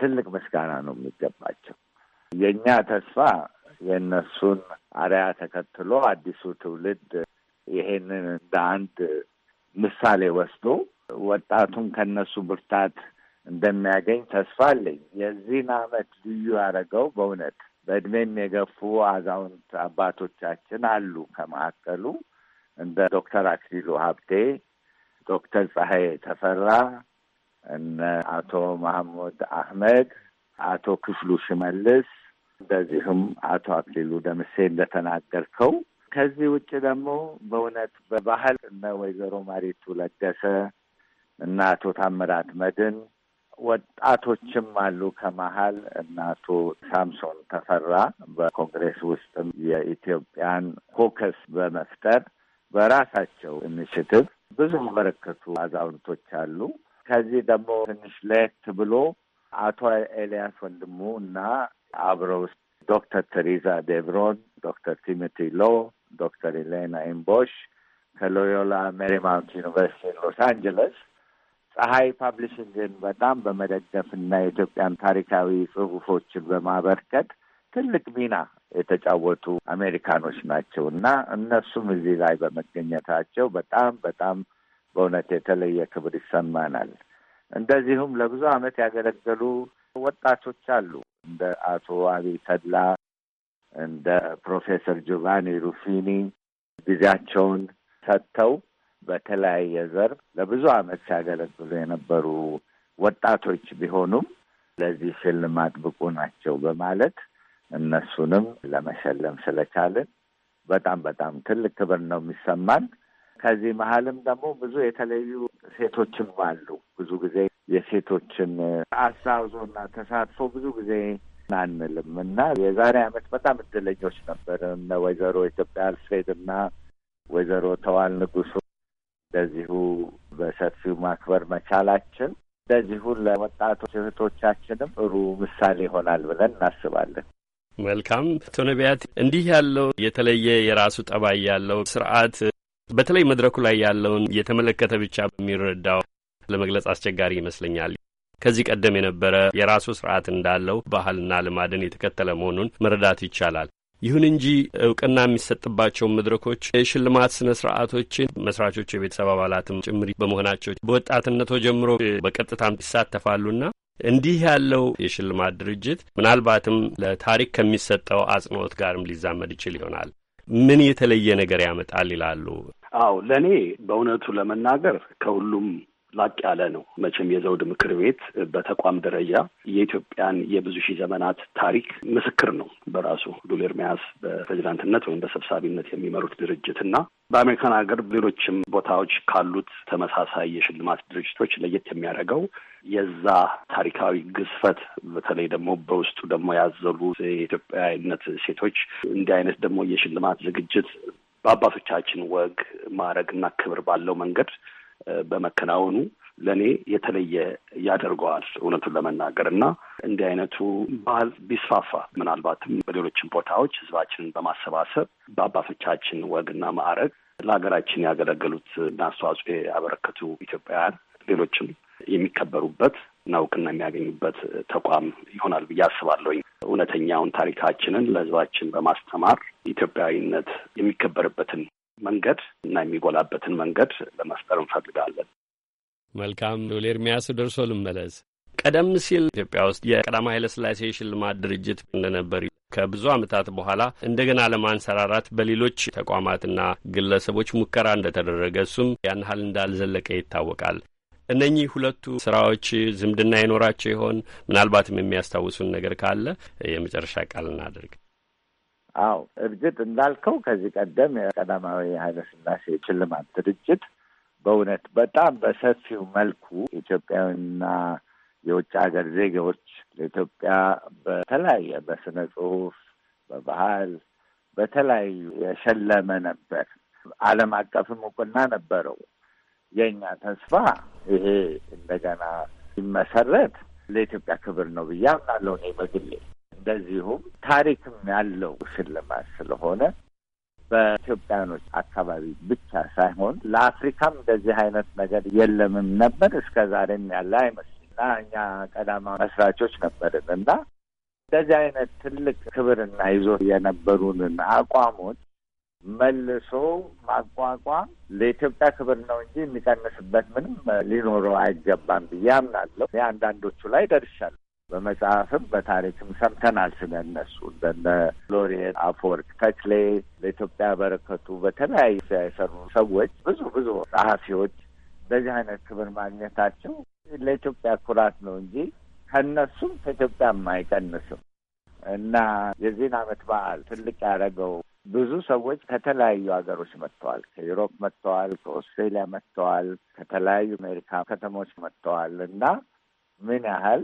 ትልቅ ምስጋና ነው የሚገባቸው። የእኛ ተስፋ የእነሱን አርያ ተከትሎ አዲሱ ትውልድ ይሄንን እንደ አንድ ምሳሌ ወስዶ ወጣቱን ከነሱ ብርታት እንደሚያገኝ ተስፋ አለኝ። የዚህን አመት ልዩ ያደረገው በእውነት በእድሜም የገፉ አዛውንት አባቶቻችን አሉ ከመካከሉ እንደ ዶክተር አክሊሉ ሀብቴ፣ ዶክተር ፀሐይ ተፈራ፣ እነ አቶ መሐሙድ አህመድ፣ አቶ ክፍሉ ሽመልስ እንደዚሁም አቶ አክሊሉ ደምሴ እንደተናገርከው ከዚህ ውጭ ደግሞ በእውነት በባህል እነ ወይዘሮ ማሪቱ ለገሰ እና አቶ ታምራት መድን ወጣቶችም አሉ ከመሀል እና አቶ ሳምሶን ተፈራ በኮንግሬስ ውስጥም የኢትዮጵያን ኮከስ በመፍጠር በራሳቸው ኢኒሽቲቭ ብዙ ያበረከቱ አዛውንቶች አሉ። ከዚህ ደግሞ ትንሽ ለየት ብሎ አቶ ኤልያስ ወንድሙ እና አብረው ዶክተር ቴሪዛ ዴቭሮን፣ ዶክተር ቲሞቲ ሎ፣ ዶክተር ኤሌና ኢምቦሽ ከሎዮላ ሜሪማውንት ዩኒቨርሲቲ ሎስ አንጀለስ ፀሐይ ፓብሊሽንግን በጣም በመደገፍ እና የኢትዮጵያን ታሪካዊ ጽሁፎችን በማበርከት ትልቅ ሚና የተጫወቱ አሜሪካኖች ናቸው እና እነሱም እዚህ ላይ በመገኘታቸው በጣም በጣም በእውነት የተለየ ክብር ይሰማናል። እንደዚሁም ለብዙ ዓመት ያገለገሉ ወጣቶች አሉ እንደ አቶ አብይ ተድላ እንደ ፕሮፌሰር ጆቫኒ ሩፊኒ ጊዜያቸውን ሰጥተው በተለያየ ዘርፍ ለብዙ ዓመት ሲያገለግሉ የነበሩ ወጣቶች ቢሆኑም ለዚህ ሽልማት ብቁ ናቸው በማለት እነሱንም ለመሸለም ስለቻልን በጣም በጣም ትልቅ ክብር ነው የሚሰማን። ከዚህ መሀልም ደግሞ ብዙ የተለዩ ሴቶችም አሉ። ብዙ ጊዜ የሴቶችን አስተዋጽኦና ተሳትፎ ብዙ ጊዜ አንልም እና የዛሬ ዓመት በጣም እድለኞች ነበር። እነ ወይዘሮ ኢትዮጵያ አልፍሬድ እና ወይዘሮ ተዋል ንጉሱ እንደዚሁ በሰፊው ማክበር መቻላችን እንደዚሁ ለወጣቶች እህቶቻችንም ጥሩ ምሳሌ ይሆናል ብለን እናስባለን። መልካም አቶ ነቢያት፣ እንዲህ ያለው የተለየ የራሱ ጠባይ ያለው ስርዓት በተለይ መድረኩ ላይ ያለውን የተመለከተ ብቻ በሚረዳው ለመግለጽ አስቸጋሪ ይመስለኛል። ከዚህ ቀደም የነበረ የራሱ ስርዓት እንዳለው ባህልና ልማድን የተከተለ መሆኑን መረዳት ይቻላል። ይሁን እንጂ እውቅና የሚሰጥባቸውን መድረኮች፣ የሽልማት ስነ ስርዓቶችን መስራቾች የቤተሰብ አባላትም ጭምር በመሆናቸው በወጣትነቶ ጀምሮ በቀጥታም ይሳተፋሉና እንዲህ ያለው የሽልማት ድርጅት ምናልባትም ለታሪክ ከሚሰጠው አጽንኦት ጋርም ሊዛመድ ይችል ይሆናል። ምን የተለየ ነገር ያመጣል ይላሉ? አው ለእኔ በእውነቱ ለመናገር ከሁሉም ላቅ ያለ ነው። መቼም የዘውድ ምክር ቤት በተቋም ደረጃ የኢትዮጵያን የብዙ ሺህ ዘመናት ታሪክ ምስክር ነው በራሱ ዱል ኤርሚያስ በፕሬዚዳንትነት ወይም በሰብሳቢነት የሚመሩት ድርጅት እና በአሜሪካን ሀገር ሌሎችም ቦታዎች ካሉት ተመሳሳይ የሽልማት ድርጅቶች ለየት የሚያደርገው የዛ ታሪካዊ ግዝፈት በተለይ ደግሞ በውስጡ ደግሞ ያዘሉ የኢትዮጵያዊነት ሴቶች እንዲህ አይነት ደግሞ የሽልማት ዝግጅት በአባቶቻችን ወግ ማዕረግና ክብር ባለው መንገድ በመከናወኑ ለእኔ የተለየ ያደርገዋል እውነቱን ለመናገር እና እንዲህ አይነቱ ባህል ቢስፋፋ ምናልባትም በሌሎችም ቦታዎች ህዝባችንን በማሰባሰብ በአባቶቻችን ወግና ማዕረግ ለሀገራችን ያገለገሉት እና አስተዋጽኦ ያበረከቱ ኢትዮጵያውያን ሌሎችም የሚከበሩበት እና እውቅና የሚያገኙበት ተቋም ይሆናል ብዬ አስባለሁኝ። እውነተኛውን ታሪካችንን ለህዝባችን በማስተማር ኢትዮጵያዊነት የሚከበርበትን መንገድ እና የሚጎላበትን መንገድ ለመፍጠር እንፈልጋለን። መልካም ዶሌ ኤርሚያስ ደርሶ ልመለስ። ቀደም ሲል ኢትዮጵያ ውስጥ የቀዳማ ኃይለሥላሴ ሽልማት ድርጅት እንደነበር ከብዙ ዓመታት በኋላ እንደገና ለማንሰራራት በሌሎች ተቋማትና ግለሰቦች ሙከራ እንደተደረገ እሱም ያን እንዳልዘለቀ ይታወቃል። እነኚህ ሁለቱ ስራዎች ዝምድና ይኖራቸው ይሆን? ምናልባትም የሚያስታውሱን ነገር ካለ የመጨረሻ ቃል እናድርግ። አዎ እርግጥ እንዳልከው ከዚህ ቀደም የቀዳማዊ ኃይለሥላሴ ሽልማት ድርጅት በእውነት በጣም በሰፊው መልኩ ኢትዮጵያዊና የውጭ ሀገር ዜጋዎች ለኢትዮጵያ በተለያየ በስነ ጽሁፍ፣ በባህል በተለያዩ የሸለመ ነበር። ዓለም አቀፍም እውቅና ነበረው። የእኛ ተስፋ ይሄ እንደገና ሲመሰረት ለኢትዮጵያ ክብር ነው ብዬ አምናለሁ እኔ በግሌ። እንደዚሁም ታሪክም ያለው ሽልማት ስለሆነ በኢትዮጵያኖች አካባቢ ብቻ ሳይሆን ለአፍሪካም እንደዚህ አይነት ነገር የለምም ነበር እስከ ዛሬም ያለ አይመስልና እኛ ቀዳማ መስራቾች ነበርን እና እንደዚህ አይነት ትልቅ ክብርና ይዞ የነበሩንን አቋሞች መልሶ ማቋቋም ለኢትዮጵያ ክብር ነው እንጂ የሚቀንስበት ምንም ሊኖረው አይገባም ብዬ አምናለሁ። እኔ ላይ ደርሻለሁ። በመጽሐፍም በታሪክም ሰምተናል ስለ እነሱ እንደነ ሎሬት አፈወርቅ ተክሌ ለኢትዮጵያ በረከቱ በተለያዩ የሰሩ ሰዎች ብዙ ብዙ ጸሐፊዎች እንደዚህ አይነት ክብር ማግኘታቸው ለኢትዮጵያ ኩራት ነው እንጂ ከእነሱም ከኢትዮጵያም አይቀንስም እና የዚህን ዓመት በዓል ትልቅ ያደረገው ብዙ ሰዎች ከተለያዩ ሀገሮች መጥተዋል። ከዩሮፕ መጥተዋል፣ ከኦስትሬሊያ መጥተዋል፣ ከተለያዩ አሜሪካ ከተሞች መጥተዋል እና ምን ያህል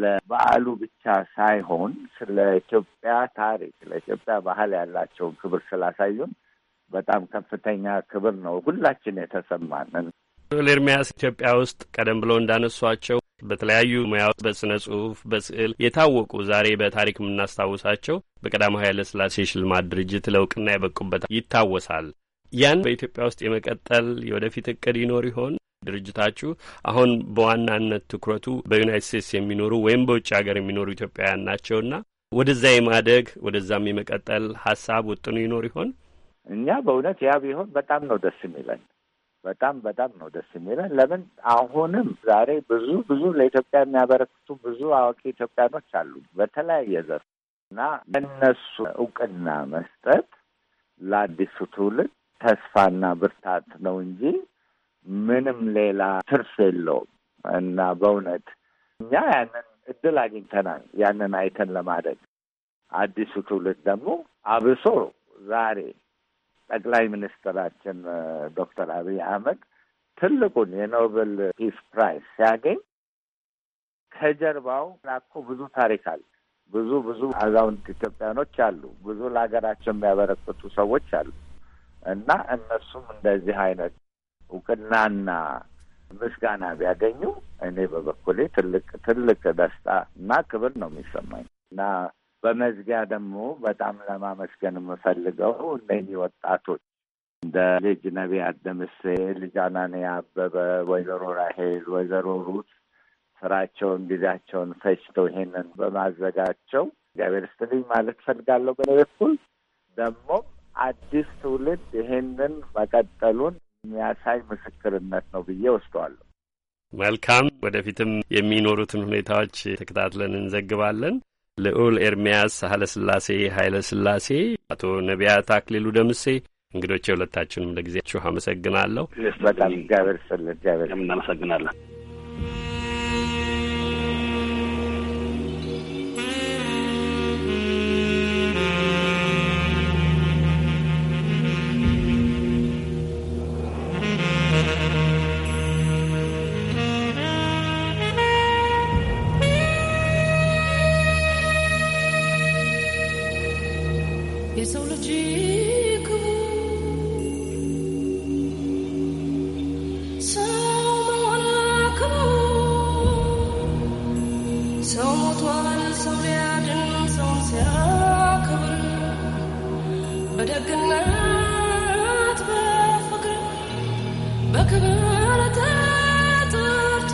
ለበዓሉ ብቻ ሳይሆን ስለ ኢትዮጵያ ታሪክ፣ ለኢትዮጵያ ባህል ያላቸውን ክብር ስላሳዩን በጣም ከፍተኛ ክብር ነው ሁላችን የተሰማንን። ኤርሚያስ ኢትዮጵያ ውስጥ ቀደም ብለው እንዳነሷቸው በተለያዩ ሙያ በስነ ጽሁፍ፣ በስዕል የታወቁ ዛሬ በታሪክ የምናስታውሳቸው በቀዳማዊ ኃይለ ሥላሴ ሽልማት ድርጅት ለእውቅና የበቁበት ይታወሳል። ያን በኢትዮጵያ ውስጥ የመቀጠል የወደፊት እቅድ ይኖር ይሆን? ድርጅታችሁ አሁን በዋናነት ትኩረቱ በዩናይት ስቴትስ የሚኖሩ ወይም በውጭ ሀገር የሚኖሩ ኢትዮጵያውያን ናቸውና ወደዛ የማደግ ወደዛም የመቀጠል ሀሳብ ውጥኑ ይኖር ይሆን? እኛ በእውነት ያ ቢሆን በጣም ነው ደስ የሚለን። በጣም በጣም ነው ደስ የሚለን። ለምን አሁንም ዛሬ ብዙ ብዙ ለኢትዮጵያ የሚያበረክቱ ብዙ አዋቂ ኢትዮጵያኖች አሉ በተለያየ ዘርፍ እና ለነሱ እውቅና መስጠት ለአዲሱ ትውልድ ተስፋና ብርታት ነው እንጂ ምንም ሌላ ትርፍ የለውም እና በእውነት እኛ ያንን እድል አግኝተናል። ያንን አይተን ለማደግ አዲሱ ትውልድ ደግሞ አብሶ ዛሬ ጠቅላይ ሚኒስትራችን ዶክተር አብይ አህመድ ትልቁን የኖቤል ፒስ ፕራይስ ሲያገኝ ከጀርባው ላኮ ብዙ ታሪክ አለ። ብዙ ብዙ አዛውንት ኢትዮጵያኖች አሉ። ብዙ ለሀገራቸው የሚያበረክቱ ሰዎች አሉ እና እነሱም እንደዚህ አይነት እውቅናና ምስጋና ቢያገኙ እኔ በበኩሌ ትልቅ ትልቅ ደስታ እና ክብር ነው የሚሰማኝ እና በመዝጊያ ደግሞ በጣም ለማመስገን የምፈልገው እነዚህ ወጣቶች እንደ ልጅ ነቢያት ደምሴ፣ ልጅ አናንያ አበበ፣ ወይዘሮ ራሄል፣ ወይዘሮ ሩት ስራቸውን ጊዜያቸውን ፈጅተው ይሄንን በማዘጋቸው እግዚአብሔር ስትልኝ ማለት ፈልጋለሁ። በኔ በኩል ደግሞ አዲስ ትውልድ ይሄንን መቀጠሉን የሚያሳይ ምስክርነት ነው ብዬ ወስደዋለሁ። መልካም፣ ወደፊትም የሚኖሩትን ሁኔታዎች ተከታትለን እንዘግባለን። ልዑል ኤርምያስ ኃይለ ሥላሴ ኃይለ ሥላሴ፣ አቶ ነቢያት አክሊሉ ደምሴ እንግዶቼ፣ ሁለታችሁንም ለጊዜያችሁ አመሰግናለሁ። በጣም እግዚአብሔር ይስጥልን። እግዚአብሔር እናመሰግናለን። በደግነት በፍቅር በክብር ተጠርቶ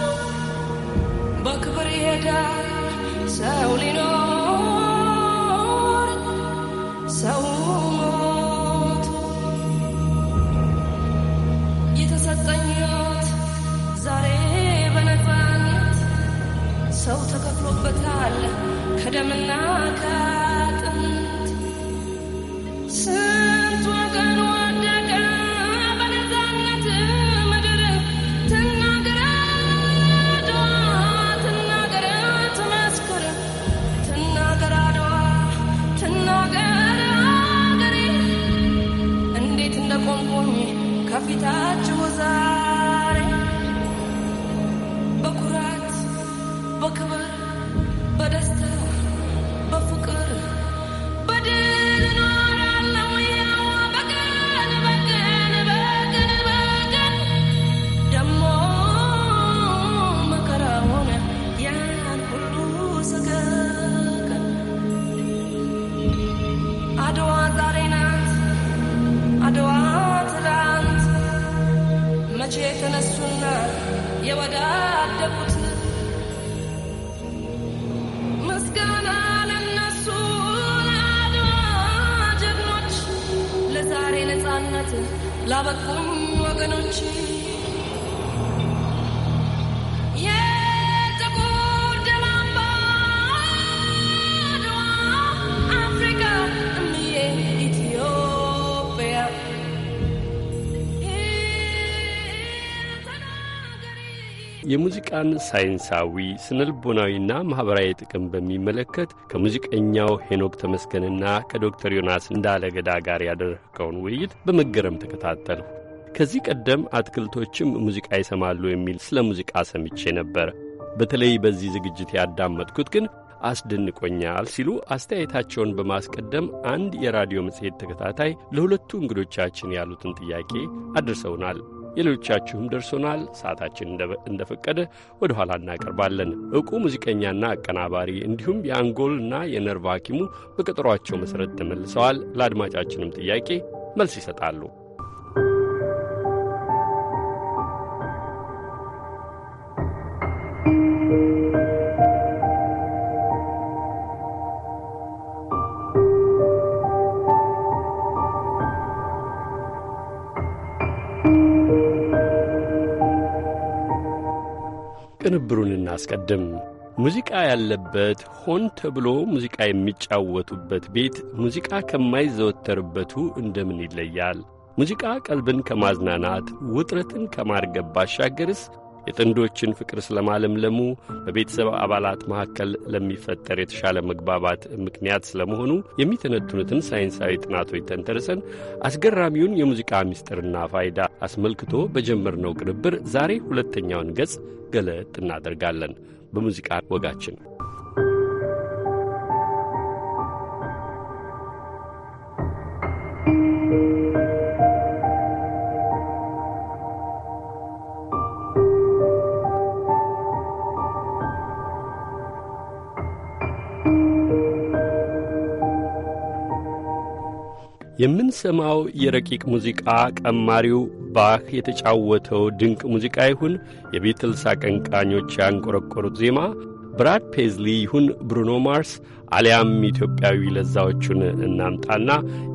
በክብር ይሄዳል ሰው ሊኖር ሰው ሞት የተሰጠኝት ዛሬ በነፃነት ሰው ተከፍሎበታል ከደምና ከ Love lavat con nuove noci. የሙዚቃን ሳይንሳዊ ስነልቦናዊና ማኅበራዊ ጥቅም በሚመለከት ከሙዚቀኛው ሄኖክ ተመስገንና ከዶክተር ዮናስ እንዳለገዳ ጋር ያደረግከውን ውይይት በመገረም ተከታተልሁ። ከዚህ ቀደም አትክልቶችም ሙዚቃ ይሰማሉ የሚል ስለ ሙዚቃ ሰምቼ ነበር። በተለይ በዚህ ዝግጅት ያዳመጥኩት ግን አስደንቆኛል ሲሉ አስተያየታቸውን በማስቀደም አንድ የራዲዮ መጽሔት ተከታታይ ለሁለቱ እንግዶቻችን ያሉትን ጥያቄ አድርሰውናል። ሌሎቻችሁም ደርሶናል። ሰዓታችን እንደፈቀደ ወደ ኋላ እናቀርባለን። እቁ ሙዚቀኛና አቀናባሪ እንዲሁም የአንጎልና የነርቭ ሐኪሙ በቀጠሯቸው መሠረት ተመልሰዋል። ለአድማጫችንም ጥያቄ መልስ ይሰጣሉ። thank you ቅንብሩን እናስቀድም። ሙዚቃ ያለበት ሆን ተብሎ ሙዚቃ የሚጫወቱበት ቤት ሙዚቃ ከማይዘወተርበቱ እንደምን ይለያል? ሙዚቃ ቀልብን ከማዝናናት ውጥረትን ከማርገብ ባሻገርስ የጥንዶችን ፍቅር ስለማለምለሙ፣ በቤተሰብ አባላት መካከል ለሚፈጠር የተሻለ መግባባት ምክንያት ስለመሆኑ የሚተነትኑትን ሳይንሳዊ ጥናቶች ተንተርሰን አስገራሚውን የሙዚቃ ምስጢርና ፋይዳ አስመልክቶ በጀመርነው ቅንብር ዛሬ ሁለተኛውን ገጽ ገለጥ እናደርጋለን። በሙዚቃ ወጋችን thank you የምንሰማው የረቂቅ ሙዚቃ ቀማሪው ባህ የተጫወተው ድንቅ ሙዚቃ ይሁን የቢትልስ አቀንቃኞች ያንቆረቆሩት ዜማ ብራድ ፔዝሊ ይሁን ብሩኖ ማርስ አሊያም ኢትዮጵያዊ ለዛዎቹን እናምጣና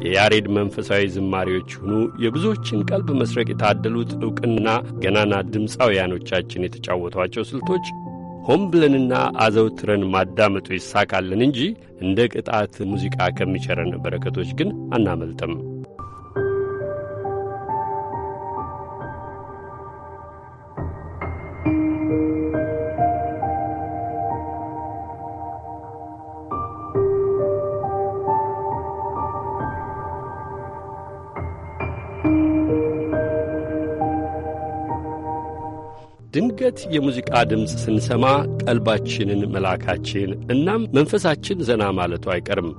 የያሬድ መንፈሳዊ ዝማሪዎች ይሁኑ የብዙዎችን ቀልብ መስረቅ የታደሉት ዕውቅና ገናና ድምፃውያኖቻችን የተጫወቷቸው ስልቶች ሆን ብለንና አዘውትረን ማዳመጡ ይሳካልን እንጂ እንደ ቅጣት ሙዚቃ ከሚቸረን በረከቶች ግን አናመልጥም። ድንገት የሙዚቃ ድምፅ ስንሰማ ቀልባችንን መላካችን እናም መንፈሳችን ዘና ማለቱ አይቀርም።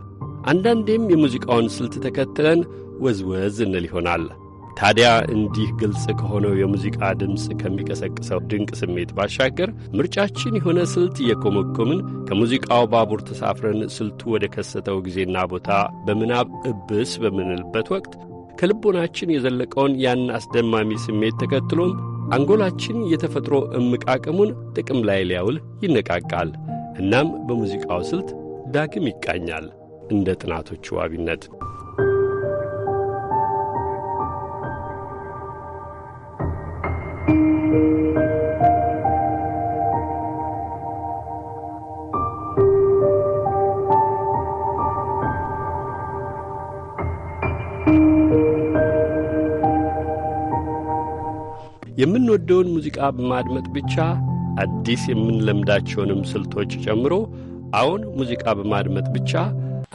አንዳንዴም የሙዚቃውን ስልት ተከትለን ወዝወዝ እንል ይሆናል። ታዲያ እንዲህ ግልጽ ከሆነው የሙዚቃ ድምፅ ከሚቀሰቅሰው ድንቅ ስሜት ባሻገር ምርጫችን የሆነ ስልት እየኮመኮምን ከሙዚቃው ባቡር ተሳፍረን ስልቱ ወደ ከሰተው ጊዜና ቦታ በምናብ እብስ በምንልበት ወቅት ከልቦናችን የዘለቀውን ያን አስደማሚ ስሜት ተከትሎም አንጎላችን የተፈጥሮ እምቅ አቅሙን ጥቅም ላይ ሊያውል ይነቃቃል። እናም በሙዚቃው ስልት ዳግም ይቃኛል። እንደ ጥናቶቹ ዋቢነት thank you የምንወደውን ሙዚቃ በማድመጥ ብቻ አዲስ የምንለምዳቸውንም ስልቶች ጨምሮ አሁን ሙዚቃ በማድመጥ ብቻ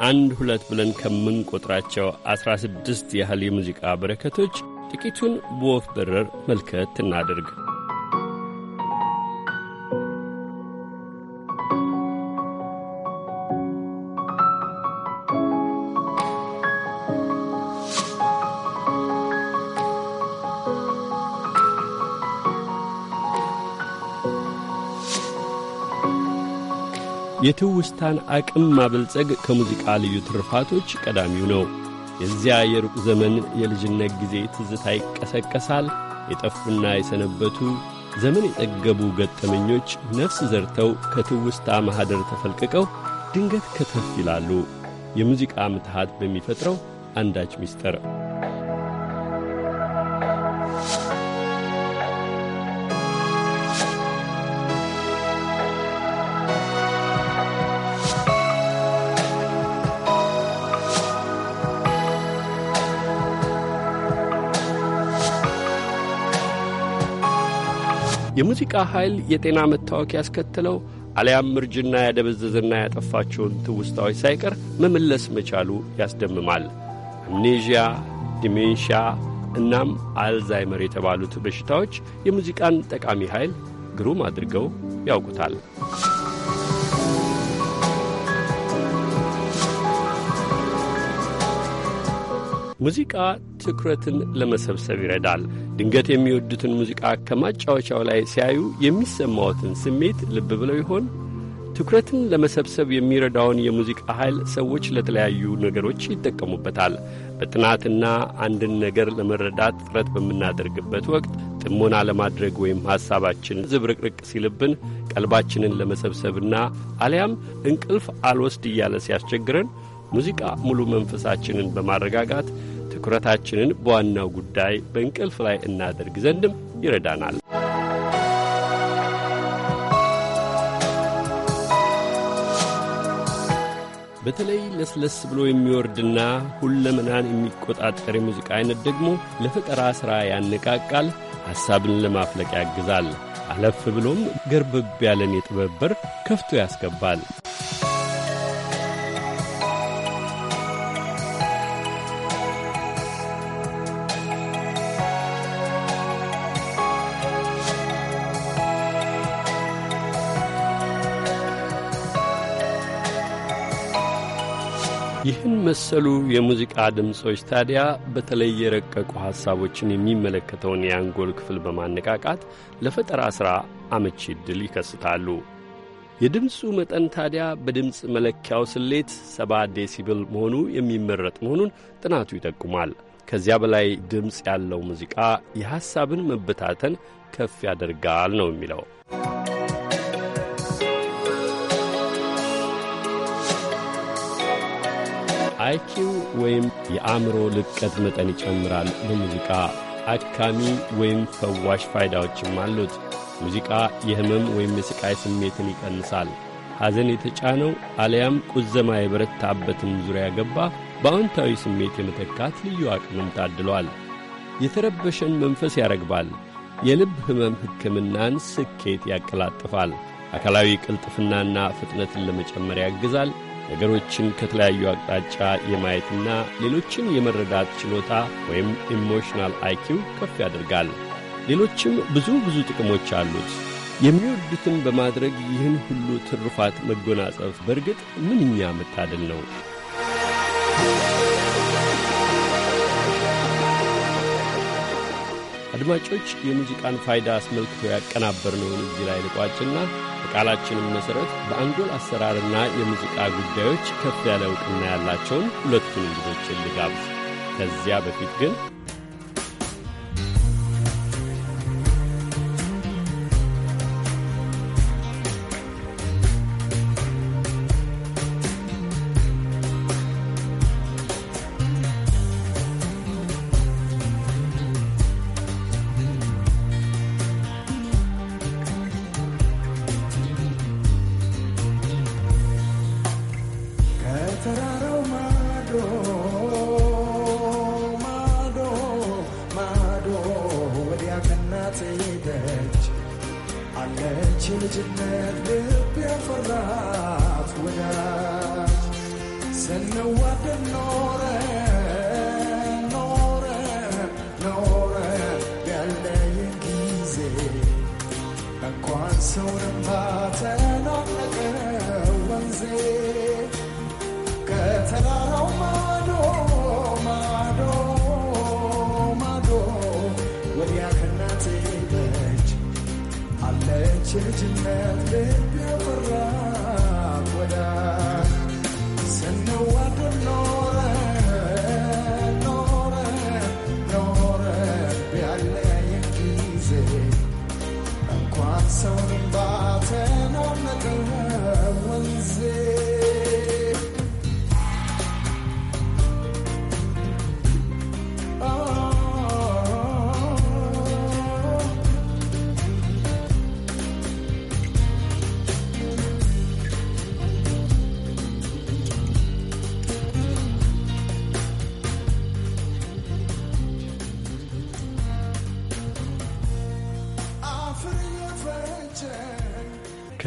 አንድ ሁለት ብለን ከምንቆጥራቸው ዐሥራ ስድስት ያህል የሙዚቃ በረከቶች ጥቂቱን በወፍ በረር መልከት እናድርግ። የትውስታን አቅም ማበልጸግ ከሙዚቃ ልዩ ትርፋቶች ቀዳሚው ነው። የዚያ የሩቅ ዘመን የልጅነት ጊዜ ትዝታ ይቀሰቀሳል። የጠፉና የሰነበቱ ዘመን የጠገቡ ገጠመኞች ነፍስ ዘርተው ከትውስታ ማኅደር ተፈልቅቀው ድንገት ከተፍ ይላሉ። የሙዚቃ ምትሃት በሚፈጥረው አንዳች ምስጢር የሙዚቃ ኃይል የጤና መታወክ ያስከተለው አሊያም እርጅና ያደበዘዘና ያጠፋቸውን ትውስታዎች ሳይቀር መመለስ መቻሉ ያስደምማል። አምኔዥያ፣ ዲሜንሺያ እናም አልዛይመር የተባሉት በሽታዎች የሙዚቃን ጠቃሚ ኃይል ግሩም አድርገው ያውቁታል። ሙዚቃ ትኩረትን ለመሰብሰብ ይረዳል። ድንገት የሚወዱትን ሙዚቃ ከማጫወቻው ላይ ሲያዩ የሚሰማዎትን ስሜት ልብ ብለው ይሆን? ትኩረትን ለመሰብሰብ የሚረዳውን የሙዚቃ ኃይል ሰዎች ለተለያዩ ነገሮች ይጠቀሙበታል። በጥናትና አንድን ነገር ለመረዳት ጥረት በምናደርግበት ወቅት ጥሞና ለማድረግ ወይም ሐሳባችን ዝብርቅርቅ ሲልብን ቀልባችንን ለመሰብሰብና አሊያም እንቅልፍ አልወስድ እያለ ሲያስቸግረን ሙዚቃ ሙሉ መንፈሳችንን በማረጋጋት ትኩረታችንን በዋናው ጉዳይ በእንቅልፍ ላይ እናደርግ ዘንድም ይረዳናል። በተለይ ለስለስ ብሎ የሚወርድና ሁለመናን የሚቆጣጠር የሙዚቃ አይነት ደግሞ ለፈጠራ ሥራ ያነቃቃል፣ ሐሳብን ለማፍለቅ ያግዛል፣ አለፍ ብሎም ገርበብ ያለን የጥበብ በር ከፍቶ ያስገባል። ይህን መሰሉ የሙዚቃ ድምፆች ታዲያ በተለይ የረቀቁ ሐሳቦችን የሚመለከተውን የአንጎል ክፍል በማነቃቃት ለፈጠራ ሥራ አመቺ ዕድል ይከስታሉ። የድምፁ መጠን ታዲያ በድምፅ መለኪያው ስሌት ሰባ ዴሲብል መሆኑ የሚመረጥ መሆኑን ጥናቱ ይጠቁማል። ከዚያ በላይ ድምፅ ያለው ሙዚቃ የሐሳብን መበታተን ከፍ ያደርጋል ነው የሚለው። አይኪው ወይም የአእምሮ ልቀት መጠን ይጨምራል። በሙዚቃ አካሚ ወይም ፈዋሽ ፋይዳዎችም አሉት። ሙዚቃ የህመም ወይም የሥቃይ ስሜትን ይቀንሳል። ሐዘን የተጫነው አሊያም ቁዘማ የበረታበትን ዙሪያ ገባ በአዎንታዊ ስሜት የመተካት ልዩ አቅምም ታድሏል። የተረበሸን መንፈስ ያረግባል። የልብ ሕመም ሕክምናን ስኬት ያቀላጥፋል። አካላዊ ቅልጥፍናና ፍጥነትን ለመጨመር ያግዛል። ነገሮችን ከተለያዩ አቅጣጫ የማየትና ሌሎችን የመረዳት ችሎታ ወይም ኢሞሽናል አይኪው ከፍ ያደርጋል። ሌሎችም ብዙ ብዙ ጥቅሞች አሉት። የሚወዱትን በማድረግ ይህን ሁሉ ትሩፋት መጎናጸፍ በእርግጥ ምንኛ መታደል ነው። አድማጮች የሙዚቃን ፋይዳ አስመልክቶ ያቀናበርነውን እዚህ ላይ ልቋጭና በቃላችንም መሠረት በአንጎል አሰራርና የሙዚቃ ጉዳዮች ከፍ ያለ እውቅና ያላቸውን ሁለቱን እንግዶችን ልጋብዝ። ከዚያ በፊት ግን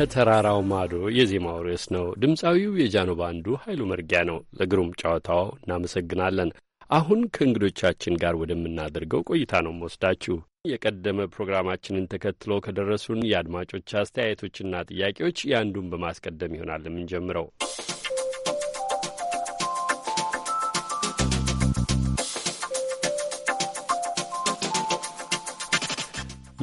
ከተራራው ማዶ የዜማው ርዕስ ነው። ድምፃዊው የጃኖ ባንዱ ኃይሉ መርጊያ ነው። ለግሩም ጨዋታው እናመሰግናለን። አሁን ከእንግዶቻችን ጋር ወደምናደርገው ቆይታ ነው መወስዳችሁ። የቀደመ ፕሮግራማችንን ተከትሎ ከደረሱን የአድማጮች አስተያየቶችና ጥያቄዎች የአንዱን በማስቀደም ይሆናል የምንጀምረው።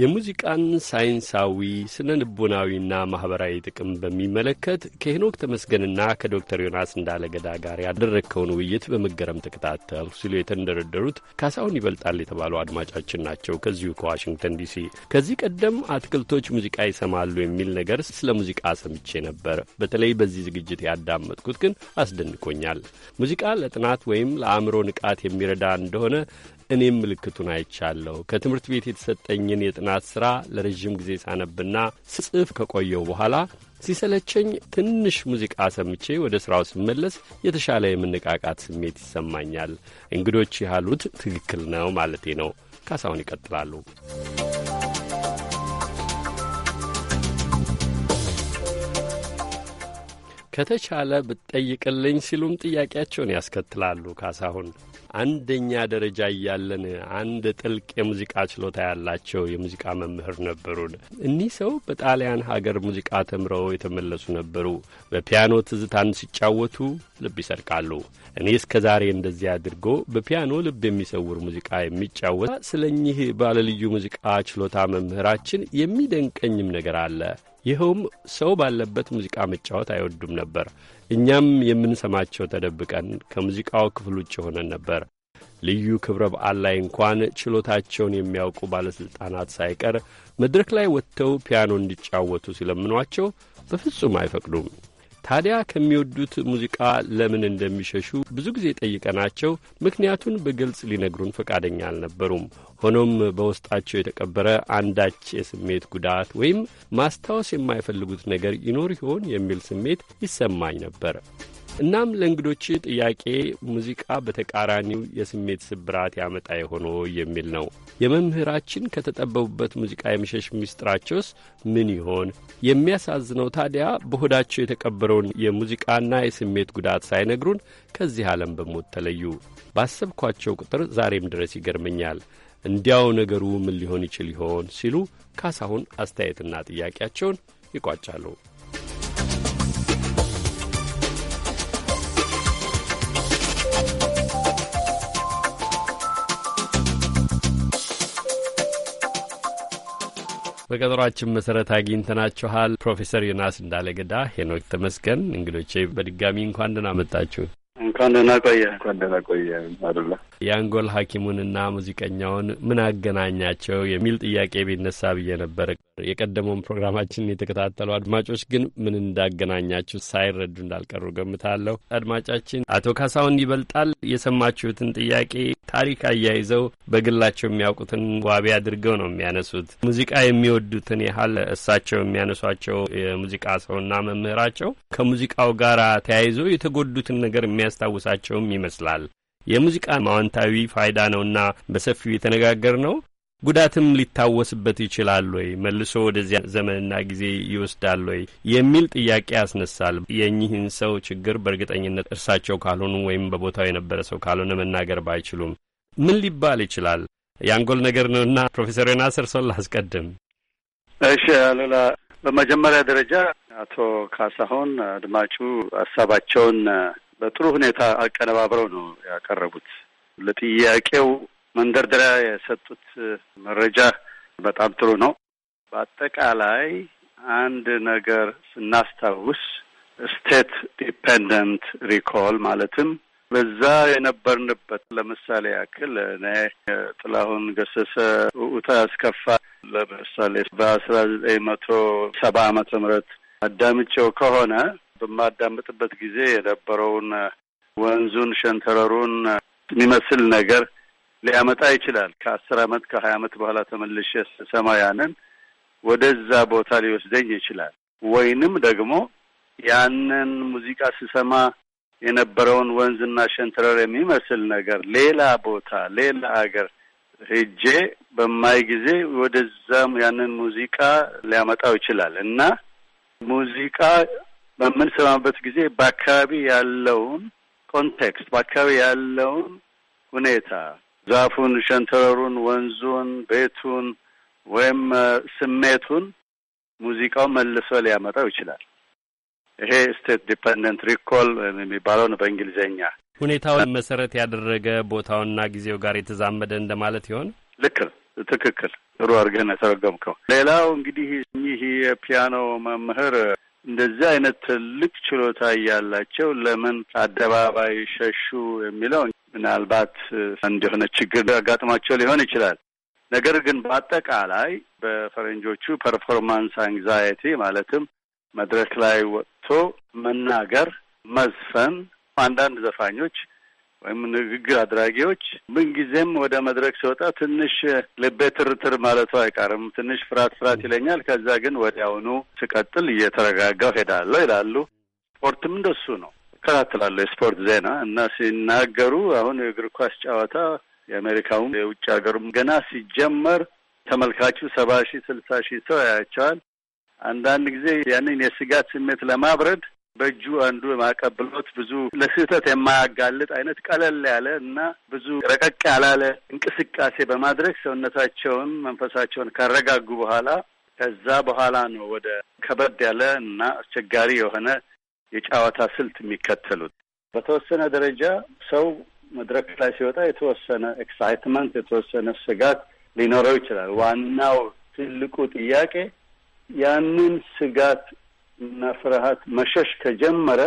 የሙዚቃን ሳይንሳዊ ስነ ልቦናዊና ማኅበራዊ ጥቅም በሚመለከት ከሄኖክ ተመስገንና ከዶክተር ዮናስ እንዳለገዳ ጋር ያደረግከውን ውይይት በመገረም ተከታተል ሲሉ የተንደረደሩት ካሳሁን ይበልጣል የተባሉ አድማጫችን ናቸው። ከዚሁ ከዋሽንግተን ዲሲ ከዚህ ቀደም አትክልቶች ሙዚቃ ይሰማሉ የሚል ነገር ስለ ሙዚቃ ሰምቼ ነበር። በተለይ በዚህ ዝግጅት ያዳመጥኩት ግን አስደንቆኛል። ሙዚቃ ለጥናት ወይም ለአእምሮ ንቃት የሚረዳ እንደሆነ እኔም ምልክቱን አይቻለሁ። ከትምህርት ቤት የተሰጠኝን የጥናት ሥራ ለረዥም ጊዜ ሳነብና ስጽፍ ከቆየው በኋላ ሲሰለቸኝ ትንሽ ሙዚቃ ሰምቼ ወደ ሥራው ስመለስ የተሻለ የመነቃቃት ስሜት ይሰማኛል። እንግዶች ያሉት ትክክል ነው ማለቴ ነው። ካሳሁን ይቀጥላሉ። ከተቻለ ብትጠይቅልኝ ሲሉም ጥያቄያቸውን ያስከትላሉ። ካሳሁን አንደኛ ደረጃ እያለን አንድ ጥልቅ የሙዚቃ ችሎታ ያላቸው የሙዚቃ መምህር ነበሩን። እኒህ ሰው በጣሊያን ሀገር ሙዚቃ ተምረው የተመለሱ ነበሩ። በፒያኖ ትዝታን ሲጫወቱ ልብ ይሰርቃሉ። እኔ እስከ ዛሬ እንደዚህ አድርጎ በፒያኖ ልብ የሚሰውር ሙዚቃ የሚጫወት ስለ እኚህ ባለልዩ ሙዚቃ ችሎታ መምህራችን የሚደንቀኝም ነገር አለ። ይኸውም ሰው ባለበት ሙዚቃ መጫወት አይወዱም ነበር። እኛም የምንሰማቸው ተደብቀን ከሙዚቃው ክፍል ውጭ ሆነን ነበር። ልዩ ክብረ በዓል ላይ እንኳን ችሎታቸውን የሚያውቁ ባለሥልጣናት ሳይቀር መድረክ ላይ ወጥተው ፒያኖ እንዲጫወቱ ሲለምኗቸው በፍጹም አይፈቅዱም። ታዲያ ከሚወዱት ሙዚቃ ለምን እንደሚሸሹ ብዙ ጊዜ ጠይቀናቸው ምክንያቱን በግልጽ ሊነግሩን ፈቃደኛ አልነበሩም። ሆኖም በውስጣቸው የተቀበረ አንዳች የስሜት ጉዳት ወይም ማስታወስ የማይፈልጉት ነገር ይኖር ይሆን የሚል ስሜት ይሰማኝ ነበር። እናም ለእንግዶች ጥያቄ ሙዚቃ በተቃራኒው የስሜት ስብራት ያመጣ የሆኖ የሚል ነው። የመምህራችን ከተጠበቡበት ሙዚቃ የመሸሽ ሚስጥራቸውስ ምን ይሆን? የሚያሳዝነው ታዲያ በሆዳቸው የተቀበረውን የሙዚቃና የስሜት ጉዳት ሳይነግሩን ከዚህ ዓለም በሞት ተለዩ። ባሰብኳቸው ቁጥር ዛሬም ድረስ ይገርመኛል። እንዲያው ነገሩ ምን ሊሆን ይችል ይሆን ሲሉ ካሳሁን አስተያየትና ጥያቄያቸውን ይቋጫሉ። በቀጠሯችን መሰረት አግኝተናችኋል። ፕሮፌሰር ዮናስ እንዳለገዳ፣ ሄኖክ ተመስገን እንግዶቼ በድጋሚ እንኳን ደህና መጣችሁ። እንኳን ደህና ቆየ። እንኳን ደህና ቆየ። አደለ የአንጎል ሐኪሙንና ሙዚቀኛውን ምን አገናኛቸው የሚል ጥያቄ ቢነሳ ብዬ ነበረ። የቀደመውን ፕሮግራማችንን የተከታተሉ አድማጮች ግን ምን እንዳገናኛችሁ ሳይረዱ እንዳልቀሩ ገምታለሁ። አድማጫችን አቶ ካሳሁን ይበልጣል የሰማችሁትን ጥያቄ ታሪክ አያይዘው በግላቸው የሚያውቁትን ዋቢ አድርገው ነው የሚያነሱት። ሙዚቃ የሚወዱትን ያህል እሳቸው የሚያነሷቸው የሙዚቃ ሰውና መምህራቸው ከሙዚቃው ጋር ተያይዞ የተጎዱትን ነገር የሚያስታውሳቸውም ይመስላል። የሙዚቃ ማዋንታዊ ፋይዳ ነውና በሰፊው የተነጋገር ነው። ጉዳትም ሊታወስበት ይችላል ወይ መልሶ ወደዚያ ዘመንና ጊዜ ይወስዳል ወይ የሚል ጥያቄ ያስነሳል። የእኚህን ሰው ችግር በእርግጠኝነት እርሳቸው ካልሆኑ ወይም በቦታው የነበረ ሰው ካልሆነ መናገር ባይችሉም ምን ሊባል ይችላል? የአንጎል ነገር ነውና ፕሮፌሰር ዮናስ እርሶን ላስቀድም። እሺ አሉላ፣ በመጀመሪያ ደረጃ አቶ ካሳሁን አድማጩ ሀሳባቸውን በጥሩ ሁኔታ አቀነባብረው ነው ያቀረቡት። ለጥያቄው መንደርደሪያ የሰጡት መረጃ በጣም ጥሩ ነው። በአጠቃላይ አንድ ነገር ስናስታውስ ስቴት ዲፐንደንት ሪኮል ማለትም በዛ የነበርንበት ለምሳሌ ያክል እኔ ጥላሁን ገሰሰ ውታ ያስከፋ ለምሳሌ በአስራ ዘጠኝ መቶ ሰባ አመተ ምህረት አዳምጬው ከሆነ በማዳምጥበት ጊዜ የነበረውን ወንዙን ሸንተረሩን የሚመስል ነገር ሊያመጣ ይችላል። ከአስር አመት ከሀያ አመት በኋላ ተመልሼ ስሰማ ያንን ወደዛ ቦታ ሊወስደኝ ይችላል። ወይንም ደግሞ ያንን ሙዚቃ ስሰማ የነበረውን ወንዝና ሸንተረር የሚመስል ነገር ሌላ ቦታ ሌላ አገር ሄጄ በማይ ጊዜ ወደዛም ያንን ሙዚቃ ሊያመጣው ይችላል እና ሙዚቃ በምንሰማበት ጊዜ በአካባቢ ያለውን ኮንቴክስት በአካባቢ ያለውን ሁኔታ ዛፉን፣ ሸንተረሩን፣ ወንዙን፣ ቤቱን ወይም ስሜቱን ሙዚቃው መልሶ ሊያመጣው ይችላል። ይሄ ስቴት ዲፐንደንት ሪኮል የሚባለው ነው በእንግሊዝኛ። ሁኔታውን መሰረት ያደረገ ቦታውና ጊዜው ጋር የተዛመደ እንደማለት ይሆን? ልክ ነው። ትክክል። ጥሩ አድርገህ ነው ሌላው እንግዲህ እኚህ የፒያኖ መምህር እንደዚህ አይነት ትልቅ ችሎታ እያላቸው ለምን አደባባይ ሸሹ የሚለው ምናልባት እንደሆነ ችግር አጋጥሟቸው ሊሆን ይችላል። ነገር ግን በአጠቃላይ በፈረንጆቹ ፐርፎርማንስ አንግዛይቲ ማለትም መድረክ ላይ ወጥቶ መናገር፣ መዝፈን አንዳንድ ዘፋኞች ወይም ንግግር አድራጊዎች ምንጊዜም ወደ መድረክ ሲወጣ ትንሽ ልቤ ትርትር ማለቱ አይቀርም። ትንሽ ፍርሃት ፍርሃት ይለኛል። ከዛ ግን ወዲያውኑ ስቀጥል እየተረጋጋው ሄዳለሁ ይላሉ። ስፖርትም እንደሱ ነው። እከታተላለሁ የስፖርት ዜና እና ሲናገሩ አሁን የእግር ኳስ ጨዋታ የአሜሪካውም የውጭ ሀገሩም ገና ሲጀመር ተመልካቹ ሰባ ሺህ ስልሳ ሺህ ሰው ያያቸዋል። አንዳንድ ጊዜ ያንን የስጋት ስሜት ለማብረድ በእጁ አንዱ ማዕቀብ ብሎት ብዙ ለስህተት የማያጋልጥ አይነት ቀለል ያለ እና ብዙ ረቀቅ ያላለ እንቅስቃሴ በማድረግ ሰውነታቸውን፣ መንፈሳቸውን ካረጋጉ በኋላ ከዛ በኋላ ነው ወደ ከበድ ያለ እና አስቸጋሪ የሆነ የጨዋታ ስልት የሚከተሉት። በተወሰነ ደረጃ ሰው መድረክ ላይ ሲወጣ የተወሰነ ኤክሳይትመንት፣ የተወሰነ ስጋት ሊኖረው ይችላል። ዋናው ትልቁ ጥያቄ ያንን ስጋት እና ፍርሃት መሸሽ ከጀመረ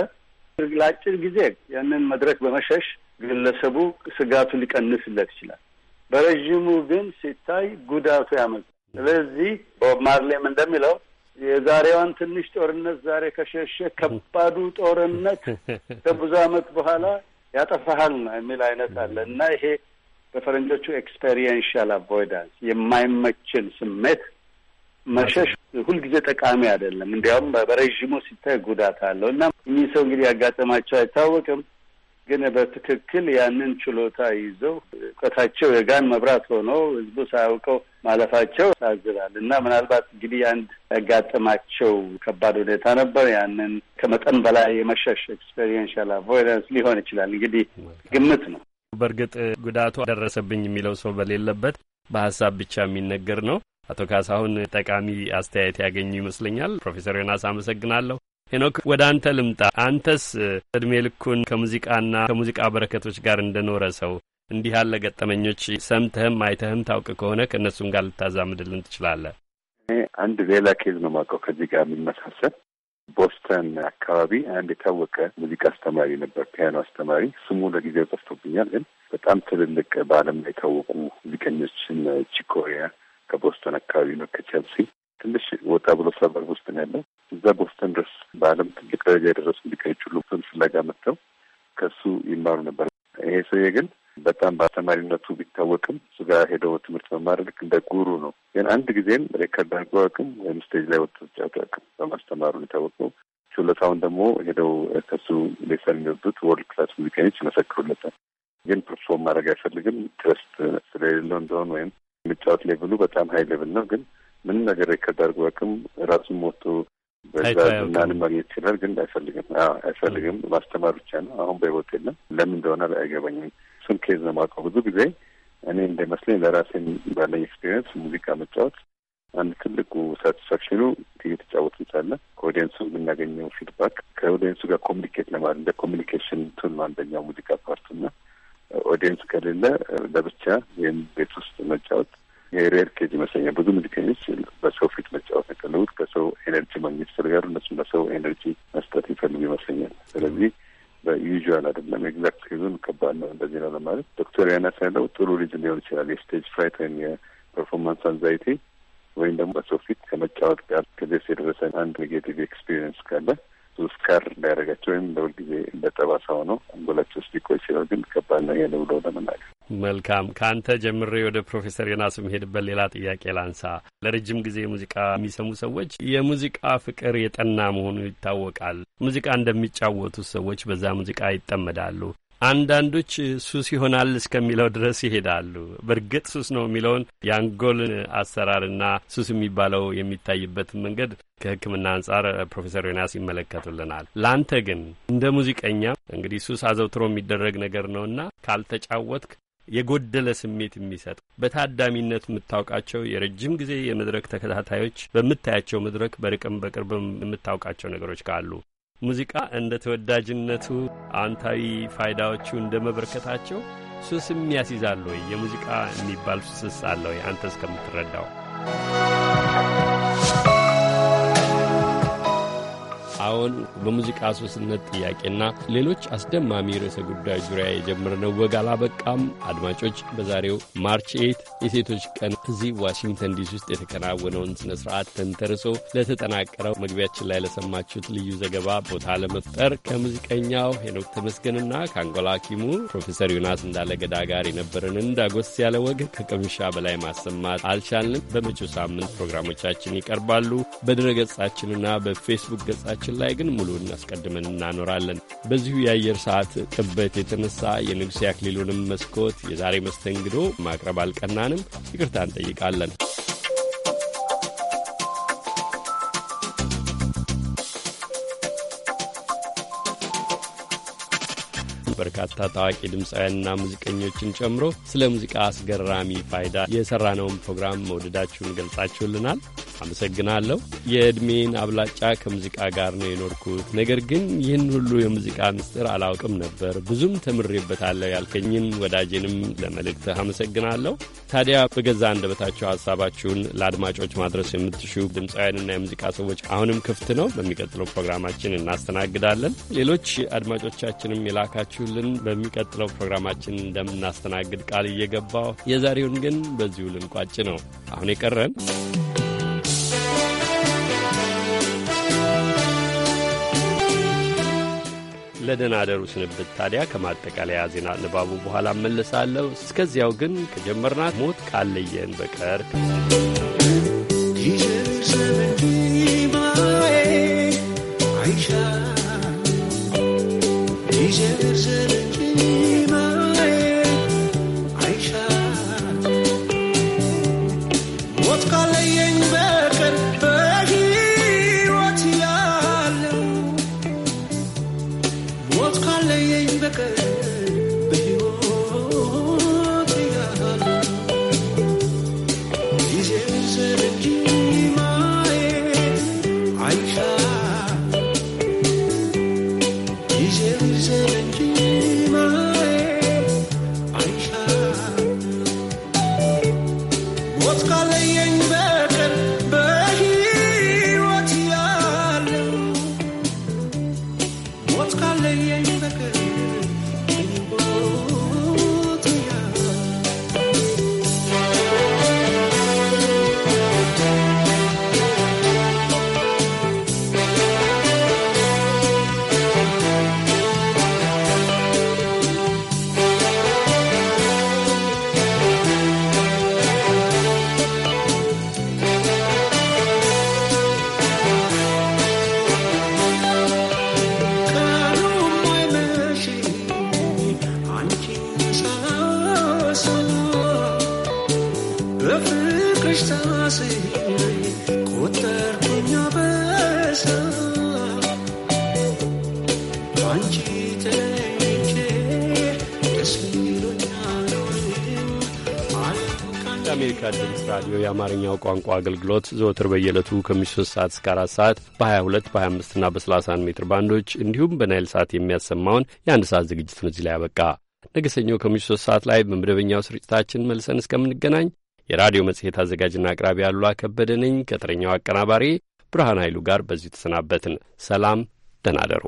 ለአጭር ጊዜ ያንን መድረክ በመሸሽ ግለሰቡ ስጋቱ ሊቀንስለት ይችላል። በረዥሙ ግን ሲታይ ጉዳቱ ያመዝናል። ስለዚህ ቦብ ማርሌም እንደሚለው የዛሬዋን ትንሽ ጦርነት ዛሬ ከሸሸ ከባዱ ጦርነት ከብዙ ዓመት በኋላ ያጠፋሃል ነው የሚል አይነት አለ እና ይሄ በፈረንጆቹ ኤክስፔሪየንሻል አቮይዳንስ የማይመችን ስሜት መሸሽ ሁልጊዜ ጠቃሚ አይደለም። እንዲያውም በረዥሙ ሲታይ ጉዳት አለው እና እኚህ ሰው እንግዲህ ያጋጠማቸው አይታወቅም፣ ግን በትክክል ያንን ችሎታ ይዘው እውቀታቸው የጋን መብራት ሆኖ ህዝቡ ሳያውቀው ማለፋቸው ያሳዝናል እና ምናልባት እንግዲህ አንድ ያጋጠማቸው ከባድ ሁኔታ ነበር። ያንን ከመጠን በላይ የመሸሽ ኤክስፔሪንሻል አቮይደንስ ሊሆን ይችላል። እንግዲህ ግምት ነው። በእርግጥ ጉዳቱ ደረሰብኝ የሚለው ሰው በሌለበት በሀሳብ ብቻ የሚነገር ነው። አቶ ካሳሁን ጠቃሚ አስተያየት ያገኙ ይመስለኛል። ፕሮፌሰር ዮናስ አመሰግናለሁ። ሄኖክ ወደ አንተ ልምጣ። አንተስ እድሜ ልኩን ከሙዚቃና ከሙዚቃ በረከቶች ጋር እንደኖረ ሰው እንዲህ ያለ ገጠመኞች ሰምተህም አይተህም ታውቅ ከሆነ ከእነሱም ጋር ልታዛምድልን ትችላለህ። አንድ ሌላ ኬዝ ነው የማውቀው ከዚህ ጋር የሚመሳሰል ቦስተን አካባቢ አንድ የታወቀ ሙዚቃ አስተማሪ ነበር፣ ፒያኖ አስተማሪ። ስሙ ለጊዜው ጠፍቶብኛል፣ ግን በጣም ትልልቅ በዓለም ላይ የታወቁ ሙዚቀኞችን ቺኮሪያ ከቦስተን አካባቢ ነው ከቼልሲ ትንሽ ወጣ ብሎ ሰበር ውስጥ ነው ያለው። እዛ ቦስተን ድረስ በዓለም ትልቅ ደረጃ የደረሱ ሙዚቀኞች ሁሉ እሱን ፍለጋ መጥተው ከሱ ይማሩ ነበር። ይሄ ሰውዬ ግን በጣም በአስተማሪነቱ ቢታወቅም እሱ ጋር ሄደው ትምህርት መማር ልክ እንደ ጉሩ ነው። ግን አንድ ጊዜም ሬከርድ አድርጎ አያውቅም ወይም ስቴጅ ላይ ወጥቶ ተጫውቶ አያውቅም። በማስተማሩ የታወቀው ችሎታውን ደግሞ ሄደው ከሱ ሌሰን የሚወዱት ወርልድ ክላስ ሙዚቀኞች ይመሰክሩለታል። ግን ፐርፎርም ማድረግ አይፈልግም። ትረስት ስለሌለው እንደሆን ወይም የመጫወት ሌቭሉ በጣም ሀይ ሌቭል ነው። ግን ምንም ነገር ሪከርድ አድርጎ አቅም ራሱን ሞቶ በዛዝናን ማግኘት ይችላል። ግን አይፈልግም አይፈልግም። ማስተማር ብቻ ነው። አሁን በህይወት የለም። ለምን እንደሆነ አይገባኝም። እሱን ኬዝ ነው የማውቀው። ብዙ ጊዜ እኔ እንደመስለኝ ለራሴን ባለኝ ኤክስፔሪንስ ሙዚቃ መጫወት አንድ ትልቁ ሳቲስፋክሽኑ እየተጫወት ሳለ ከኦዲየንሱ የምናገኘው ፊድባክ ከኦዲየንሱ ጋር ኮሚኒኬት ለማድረግ እንደ ኮሚኒኬሽን ቱል አንደኛው ሙዚቃ ፓርቱ ፓርቱና ኦዲየንስ ከሌለ ለብቻ ወይም ቤት ውስጥ መጫወት የሬር ኬዝ ይመስለኛል። ብዙ ሙዚቀኞች በሰው ፊት መጫወት ያቀለቡት ከሰው ኤነርጂ ማግኘት ይፈልጋሉ። እነሱም ለሰው ኤነርጂ መስጠት ይፈልጉ ይመስለኛል። ስለዚህ በዩዥዋል አይደለም ኤግዛክት ሲዙን ከባድ ነው። እንደዚህ ነው ለማለት ዶክተር ያናስ ያለው ጥሩ ልጅ ሊሆን ይችላል። የስቴጅ ፍራይት ወይም የፐርፎርማንስ አንዛይቲ ወይም ደግሞ በሰው ፊት ከመጫወት ጋር ከዚስ የደረሰ አንድ ኔጌቲቭ ኤክስፒሪየንስ ካለ ስካር እንዳያደረጋቸው ወይም ለሁልጊዜ እንደ ጠባሳ ነው አንጎላቸው ውስጥ ሊቆይ ሲለው ግን ከባድ ነው ይሄ ብሎ ለመናገር። መልካም ከአንተ ጀምሬ ወደ ፕሮፌሰር ዮናስ መሄድበት ሌላ ጥያቄ ላንሳ። ለረጅም ጊዜ ሙዚቃ የሚሰሙ ሰዎች የሙዚቃ ፍቅር የጠና መሆኑ ይታወቃል። ሙዚቃ እንደሚጫወቱት ሰዎች በዛ ሙዚቃ ይጠመዳሉ። አንዳንዶች ሱስ ይሆናል እስከሚለው ድረስ ይሄዳሉ። በእርግጥ ሱስ ነው የሚለውን የአንጎልን አሰራርና ሱስ የሚባለው የሚታይበትን መንገድ ከሕክምና አንጻር ፕሮፌሰር ዮናስ ይመለከቱልናል። ለአንተ ግን እንደ ሙዚቀኛ እንግዲህ ሱስ አዘውትሮ የሚደረግ ነገር ነውና ካልተጫወትክ የጎደለ ስሜት የሚሰጥ በታዳሚነት የምታውቃቸው የረጅም ጊዜ የመድረክ ተከታታዮች በምታያቸው መድረክ በርቅም በቅርብም የምታውቃቸው ነገሮች ካሉ ሙዚቃ እንደ ተወዳጅነቱ አንታዊ ፋይዳዎቹ እንደ መበርከታቸው ሱስም ያስይዛል ወይ? የሙዚቃ የሚባል ሱስስ አለ ወይ? አንተ እስከምትረዳው አዎን፣ በሙዚቃ ሱስነት ጥያቄና ሌሎች አስደማሚ ርዕሰ ጉዳዮች ዙሪያ የጀመርነው ወግ አላበቃም። አድማጮች፣ በዛሬው ማርች ኤት የሴቶች ቀን እዚህ ዋሽንግተን ዲሲ ውስጥ የተከናወነውን ስነ ስርዓት ተንተርሶ ለተጠናቀረው መግቢያችን ላይ ለሰማችሁት ልዩ ዘገባ ቦታ ለመፍጠር ከሙዚቀኛው ሄኖክ ተመስገንና ከአንጎላ ኪሙ ፕሮፌሰር ዮናስ እንዳለገዳ ጋር የነበረንን ዳጎስ ያለ ወግ ከቅምሻ በላይ ማሰማት አልቻልንም። በመጪው ሳምንት ፕሮግራሞቻችን ይቀርባሉ። በድረ ገጻችንና በፌስቡክ ገጻችን ዝግጅታችን ላይ ግን ሙሉ አስቀድመን እናኖራለን። በዚሁ የአየር ሰዓት ጥበት የተነሳ የንጉሴ አክሊሉንም መስኮት የዛሬ መስተንግዶ ማቅረብ አልቀናንም፣ ይቅርታ እንጠይቃለን። በርካታ ታዋቂ ድምፃውያንና ሙዚቀኞችን ጨምሮ ስለ ሙዚቃ አስገራሚ ፋይዳ የሰራነውን ፕሮግራም መውደዳችሁን ገልጻችሁልናል። አመሰግናለሁ። የዕድሜን አብላጫ ከሙዚቃ ጋር ነው የኖርኩት፣ ነገር ግን ይህን ሁሉ የሙዚቃ ምስጢር አላውቅም ነበር፣ ብዙም ተምሬበታለሁ ያልከኝን ወዳጄንም ለመልእክትህ አመሰግናለሁ። ታዲያ በገዛ አንደበታችሁ ሀሳባችሁን ለአድማጮች ማድረስ የምትሹ ድምፃውያንና የሙዚቃ ሰዎች አሁንም ክፍት ነው። በሚቀጥለው ፕሮግራማችን እናስተናግዳለን። ሌሎች አድማጮቻችንም የላካችሁ እንድታቀርቡልን በሚቀጥለው ፕሮግራማችን እንደምናስተናግድ ቃል እየገባው የዛሬውን ግን በዚሁ ልንቋጭ ነው። አሁን የቀረን ለደናደሩ ስንብት ታዲያ ከማጠቃለያ ዜና ንባቡ በኋላ መለሳለሁ። እስከዚያው ግን ከጀመርናት ሞት ቃለየን በቀር I What color you ቋንቋ አገልግሎት ዘወትር በየዕለቱ ከምሽቱ 3 ሰዓት እስከ 4 ሰዓት በ22 25 እና በ31 ሜትር ባንዶች እንዲሁም በናይል ሰዓት የሚያሰማውን የአንድ ሰዓት ዝግጅቱን እዚህ ላይ ያበቃ። ነገ ሰኞ ከምሽቱ 3 ሰዓት ላይ በመደበኛው ስርጭታችን መልሰን እስከምንገናኝ የራዲዮ መጽሔት አዘጋጅና አቅራቢ ያሉላ ከበደ ነኝ ከተረኛው አቀናባሪ ብርሃን ኃይሉ ጋር በዚሁ ተሰናበትን። ሰላም፣ ደህና አደሩ።